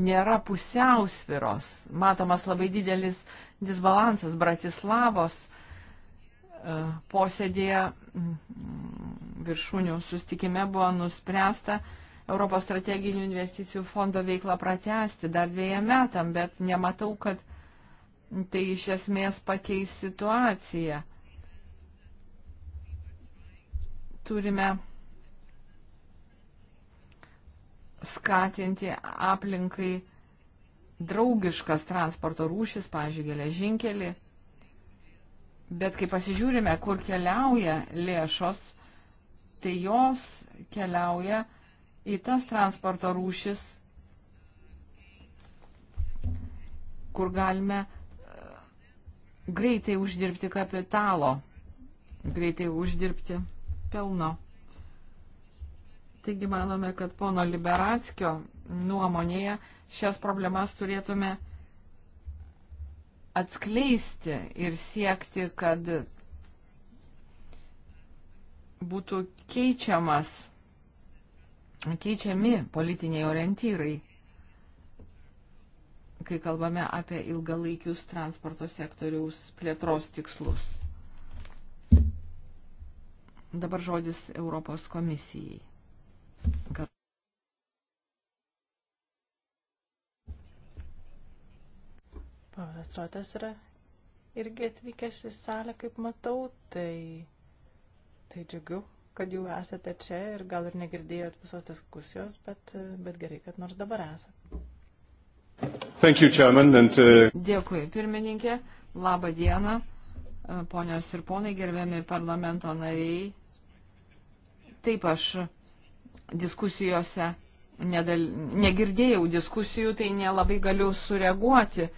nėra pusiausviros. Matomas labai didelis disbalansas Bratislavos e, posėdėje viršūnių sustikime buvo nuspręsta Europos strateginių investicijų fondo veiklą pratesti dar dviejam metam, bet nematau, kad tai iš esmės pakeis situaciją. Turime skatinti aplinkai draugiškas transporto rūšis, pažiūrėjau, geležinkelį. Bet kai pasižiūrime, kur keliauja lėšos, tai jos keliauja į tas transporto rūšis, kur galime e, greitai uždirbti kapitalo, greitai uždirbti pelno. Taigi manome, kad pono Liberatskio nuomonėje šias problemas turėtume atskleisti ir siekti, kad būtų keičiamas keičiami politiniai orientyrai, kai kalbame apie ilgalaikius transporto sektoriaus plėtros tikslus. Dabar žodis Europos komisijai. Kad Ponas Trotas yra irgi atvykęs į salę, kaip matau, tai, tai džiugiu, kad jau esate čia ir gal ir negirdėjot visos diskusijos, bet, e, bet gerai, kad nors dabar esate. Thank you, Chairman, and, uh... Dėkui, pirmininkė. Labą dieną, e, ponios ir ponai, gerbiami parlamento nariai. Taip aš diskusijose nedal... negirdėjau diskusijų, tai nelabai galiu sureaguoti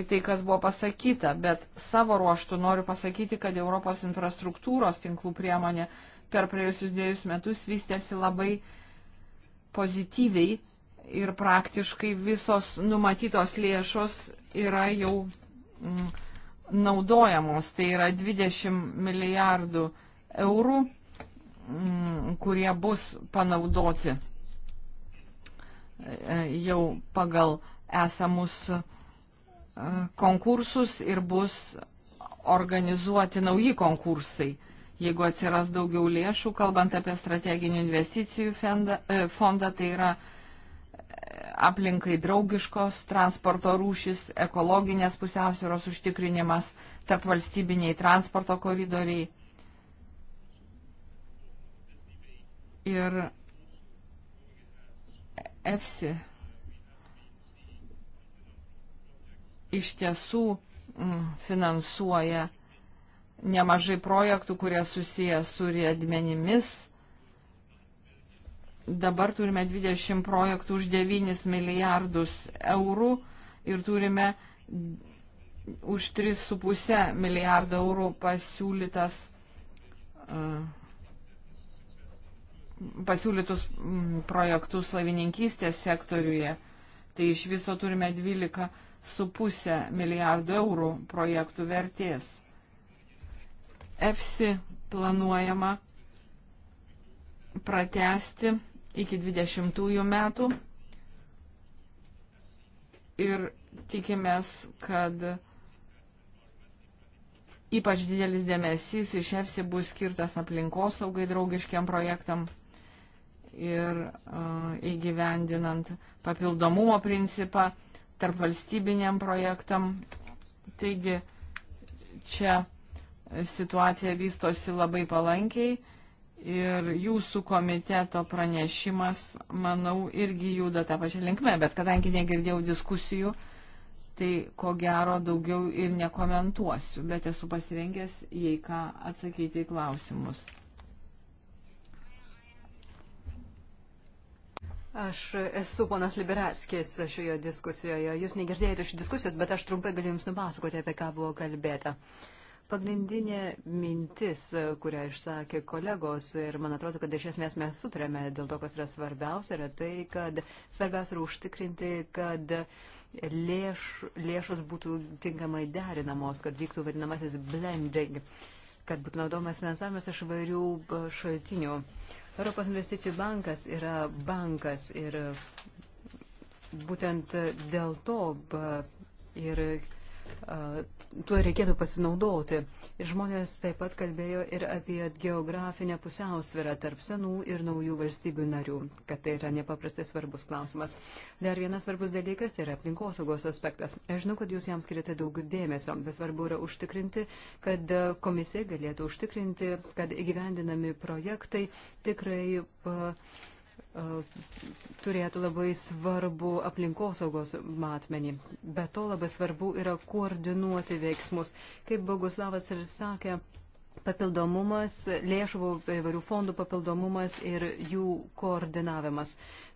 į tai, kas buvo pasakyta, bet savo ruoštų noriu pasakyti, kad Europos infrastruktūros tinklų priemonė per praėjusius dviejus metus vystėsi labai pozityviai ir praktiškai visos numatytos lėšos yra jau mm, naudojamos. Tai yra 20 milijardų eurų, mm, kurie bus panaudoti e, jau pagal esamus e, konkursus ir bus organizuoti nauji konkursai jeigu atsiras daugiau lėšų, kalbant apie strateginių investicijų e, fondą, tai yra e, aplinkai draugiškos transporto rūšis, ekologinės pusiausvėros užtikrinimas, tarp valstybiniai transporto koridoriai. Ir EFSI iš tiesų mm, finansuoja nemažai projektų, kurie susiję su riedmenimis. Dabar turime 20 projektų už 9 milijardus eurų ir turime už 3,5 milijardo eurų pasiūlytas, e, pasiūlytus projektus lavininkystės sektoriuje. Tai iš viso turime 12,5 milijardų eurų projektų vertės. EFSI planuojama pratesti iki 20 metų ir tikimės, kad ypač didelis dėmesys iš EFSI bus skirtas aplinkosaugai draugiškiam projektam ir uh, įgyvendinant papildomumo principą tarp valstybiniam projektam. Taigi čia situacija vystosi labai palankiai ir jūsų komiteto pranešimas, manau, irgi juda tą pačią linkmę, bet kadangi negirdėjau diskusijų, tai ko gero daugiau ir nekomentuosiu, bet esu pasirengęs, jei ką, atsakyti į klausimus. Aš esu ponas Liberatskis šioje diskusijoje. Jūs negirdėjote šios diskusijos, bet aš trumpai galiu Jums nupasakoti, apie ką buvo kalbėta. Uh, Pagrindinė mintis, kurią išsakė kolegos ir man atrodo, kad iš esmės mes sutarėme dėl to, kas yra svarbiausia, yra tai, kad svarbiausia yra užtikrinti, kad lėš, lėšos būtų tinkamai derinamos, kad vyktų vadinamasis blending, kad būtų naudomas finansavimas iš vairių šaltinių. Europos investicijų bankas yra bankas ir būtent dėl to ir tuo reikėtų pasinaudoti. Ir žmonės taip pat kalbėjo ir apie geografinę pusiausvyrą tarp senų ir naujų valstybių narių, kad tai yra nepaprastai svarbus klausimas. Dar vienas svarbus dalykas tai yra aplinkosaugos aspektas. Aš žinau, kad jūs jam skiriate daug dėmesio, bet svarbu yra užtikrinti, kad komisija galėtų užtikrinti, kad įgyvendinami projektai tikrai. Uh, turėtų labai svarbu aplinkosaugos matmenį. Be to labai svarbu yra koordinuoti veiksmus. Kaip Boguslavas ir sakė, papildomumas, lėšų įvairių fondų papildomumas ir jų koordinavimas.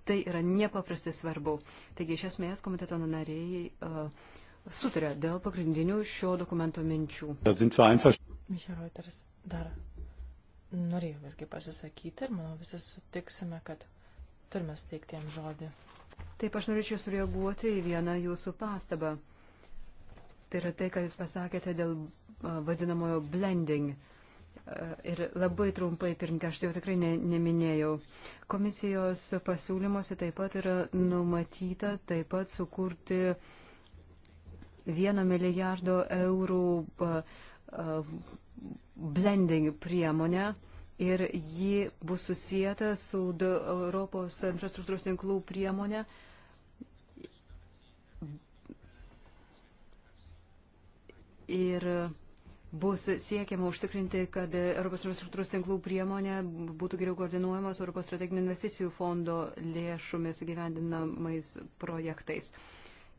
Tai yra nepaprastai svarbu. Taigi iš esmės komiteto nariai uh, sutarė dėl pagrindinių šio dokumento minčių. Dar norėjau visgi pasisakyti ir manau visi sutiksime, kad Turime suteikti jam žodį. Taip, aš norėčiau sureaguoti į vieną jūsų pastabą. Tai yra tai, ką jūs pasakėte dėl vadinamojo blending. Ir labai trumpai, pirmininkė, aš tai jau tikrai ne, neminėjau. Komisijos pasiūlymuose taip pat yra numatyta taip pat sukurti vieno milijardo eurų blending priemonę, ir ji bus susijęta su Europos infrastruktūros tinklų priemonė. Ir bus siekiama užtikrinti, kad Europos infrastruktūros tinklų priemonė būtų geriau koordinuojama su Europos strateginių investicijų fondo lėšomis gyvendinamais projektais.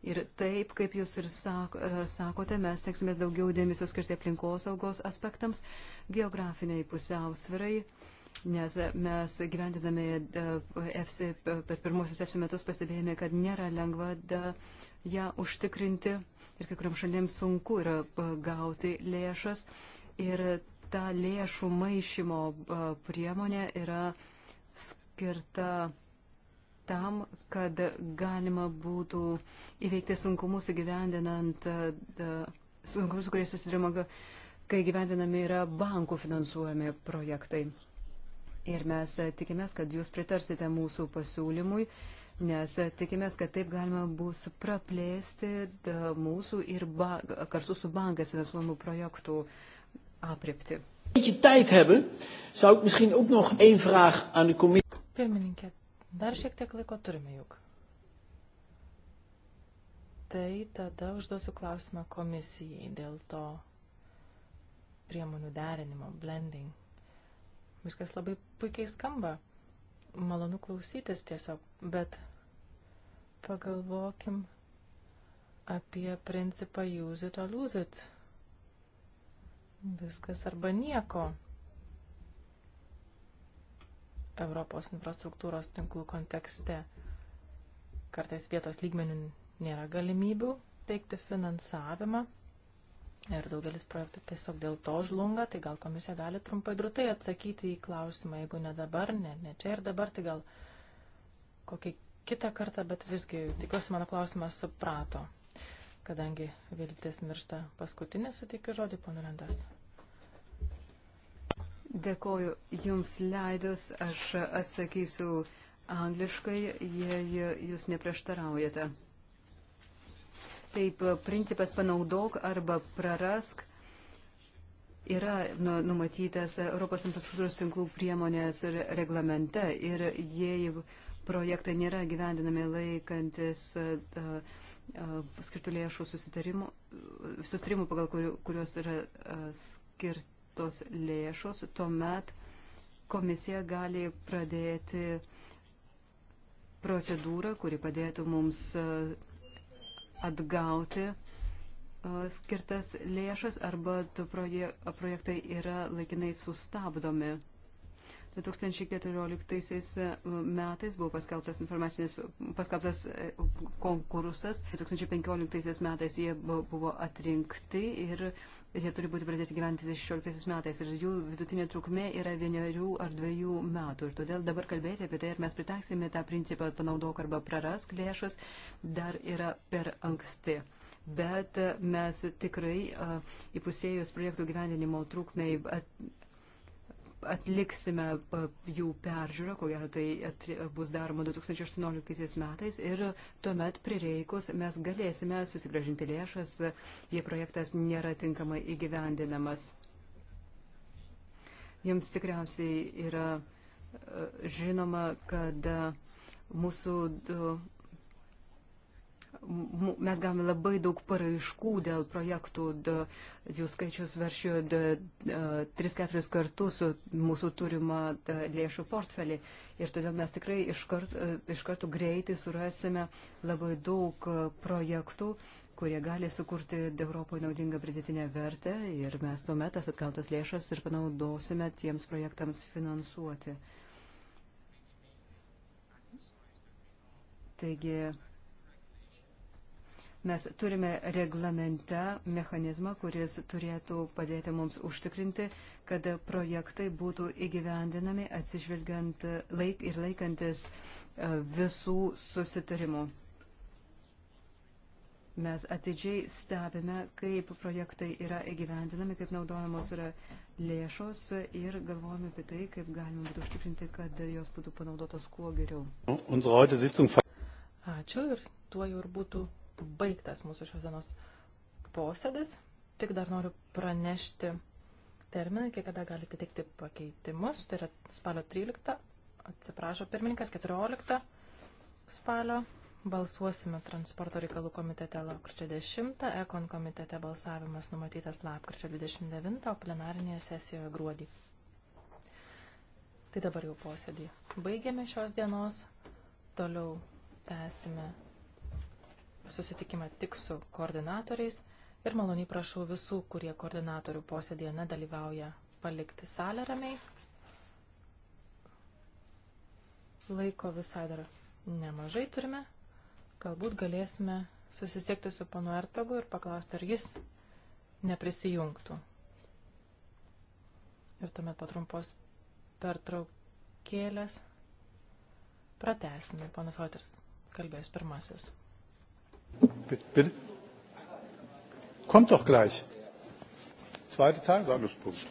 Ir taip, kaip jūs ir sak, e, sakote, mes teksimės daugiau dėmesio skirti aplinkosaugos aspektams, geografiniai pusiausvirai, nes mes gyvendinami e, FC, per pirmosius FC metus pastebėjome, kad nėra lengva da, ją užtikrinti ir kai kuriam šalims sunku yra e, gauti lėšas. Ir ta lėšų maišymo priemonė yra skirta tam, kad galima būtų įveikti sunkumus įgyvendinant, e, sunkumus, kurie susidurima, kai gyvendinami yra bankų finansuojami projektai. Ir mes e, tikimės, kad jūs pritarsite mūsų pasiūlymui, nes e, tikimės, kad taip galima bus praplėsti mūsų ir ba, kartu su bankas finansuojamų projektų apripti. Pirmininkė, Dar šiek tiek laiko turime juk. Tai tada užduosiu klausimą komisijai dėl to priemonių derinimo, blending. Viskas labai puikiai skamba, malonu klausytis tiesiog, bet pagalvokim apie principą use it or lose it. Viskas arba nieko. Europos infrastruktūros tinklų kontekste kartais vietos lygmenių nėra galimybių teikti finansavimą ir daugelis projektų tiesiog dėl to žlunga, tai gal komisija gali trumpai drūtai atsakyti į klausimą, jeigu ne dabar, ne, ne čia ir dabar, tai gal kokį kitą kartą, bet visgi tikiuosi mano klausimą suprato, kadangi viltis miršta paskutinį suteikiu žodį, ponulendas. Dėkoju Jums leidus, aš atsakysiu angliškai, jei Jūs neprieštaraujate. Taip, principas panaudok arba prarask yra nu, numatytas Europos infrastruktūros tinklų priemonės ir reglamente. Ir jei projektai nėra gyvendinami laikantis skirtų lėšų susitarimų, susitarimų pagal kuriuos yra skirti tos lėšos, tuomet komisija gali pradėti procedūrą, kuri padėtų mums e, atgauti e, skirtas lėšas arba projektai yra laikinai sustabdomi. 2014 metais buvo paskelbtas informacinis, paskelbtas e, konkursas, 2015 metais jie buvo atrinkti ir jie turi būti pradėti gyventi 2016 metais ir jų vidutinė trukmė yra vienerių ar dviejų metų. Ir todėl dabar kalbėti apie tai, ar mes pritaksime tą principą panaudok arba prarask lėšas, dar yra per anksti bet mes tikrai įpusėjus projektų gyvendinimo trukmei atliksime jų peržiūrą, ko gero tai bus daroma 2018 metais ir tuomet prireikus mes galėsime susigražinti lėšas, jei projektas nėra tinkamai įgyvendinamas. Jums tikriausiai yra e, žinoma, kad e, mūsų mes gavome labai daug paraiškų dėl projektų, jų skaičius viršijo 3-4 kartus mūsų turimą lėšų portfelį. Ir todėl mes tikrai iš karto, e, iš karto greitai surasime labai daug e, projektų kurie gali sukurti Europoje naudingą pridėtinę vertę ir mes tuomet tas atgautas lėšas ir panaudosime tiems projektams finansuoti. Taigi, Mes turime reglamente mechanizmą, kuris turėtų padėti mums užtikrinti, kad projektai būtų įgyvendinami atsižvelgiant laik ir laikantis e, visų susitarimų. Mes atidžiai stebime, kaip projektai yra įgyvendinami, kaip naudojamos yra lėšos ir galvojame apie tai, kaip galima būtų užtikrinti, kad jos būtų panaudotos kuo geriau. Ačiū ir tuo jau ir būtų baigtas mūsų šios dienos posėdis. Tik dar noriu pranešti terminą, kiek kada galite teikti pakeitimus. Tai yra spalio 13, atsiprašo pirmininkas, 14 spalio. Balsuosime transporto reikalų komitete lapkričio 10, ekon komitete balsavimas numatytas lapkričio 29, o plenarinėje sesijoje gruodį. Tai dabar jau posėdį. Baigėme šios dienos, toliau tęsime susitikimą tik su koordinatoriais ir maloniai prašau visų, kurie koordinatorių posėdėje nedalyvauja, palikti salę ramiai. Laiko visai dar nemažai turime. Galbūt galėsime susisiekti su panu Ertogu ir paklausti, ar jis neprisijungtų. Ir tuomet patrumpos pertraukėlės pratesime. Panas Voters kalbės pirmasis. Bitte? Kommt doch gleich. Zweite Tagesordnungspunkt.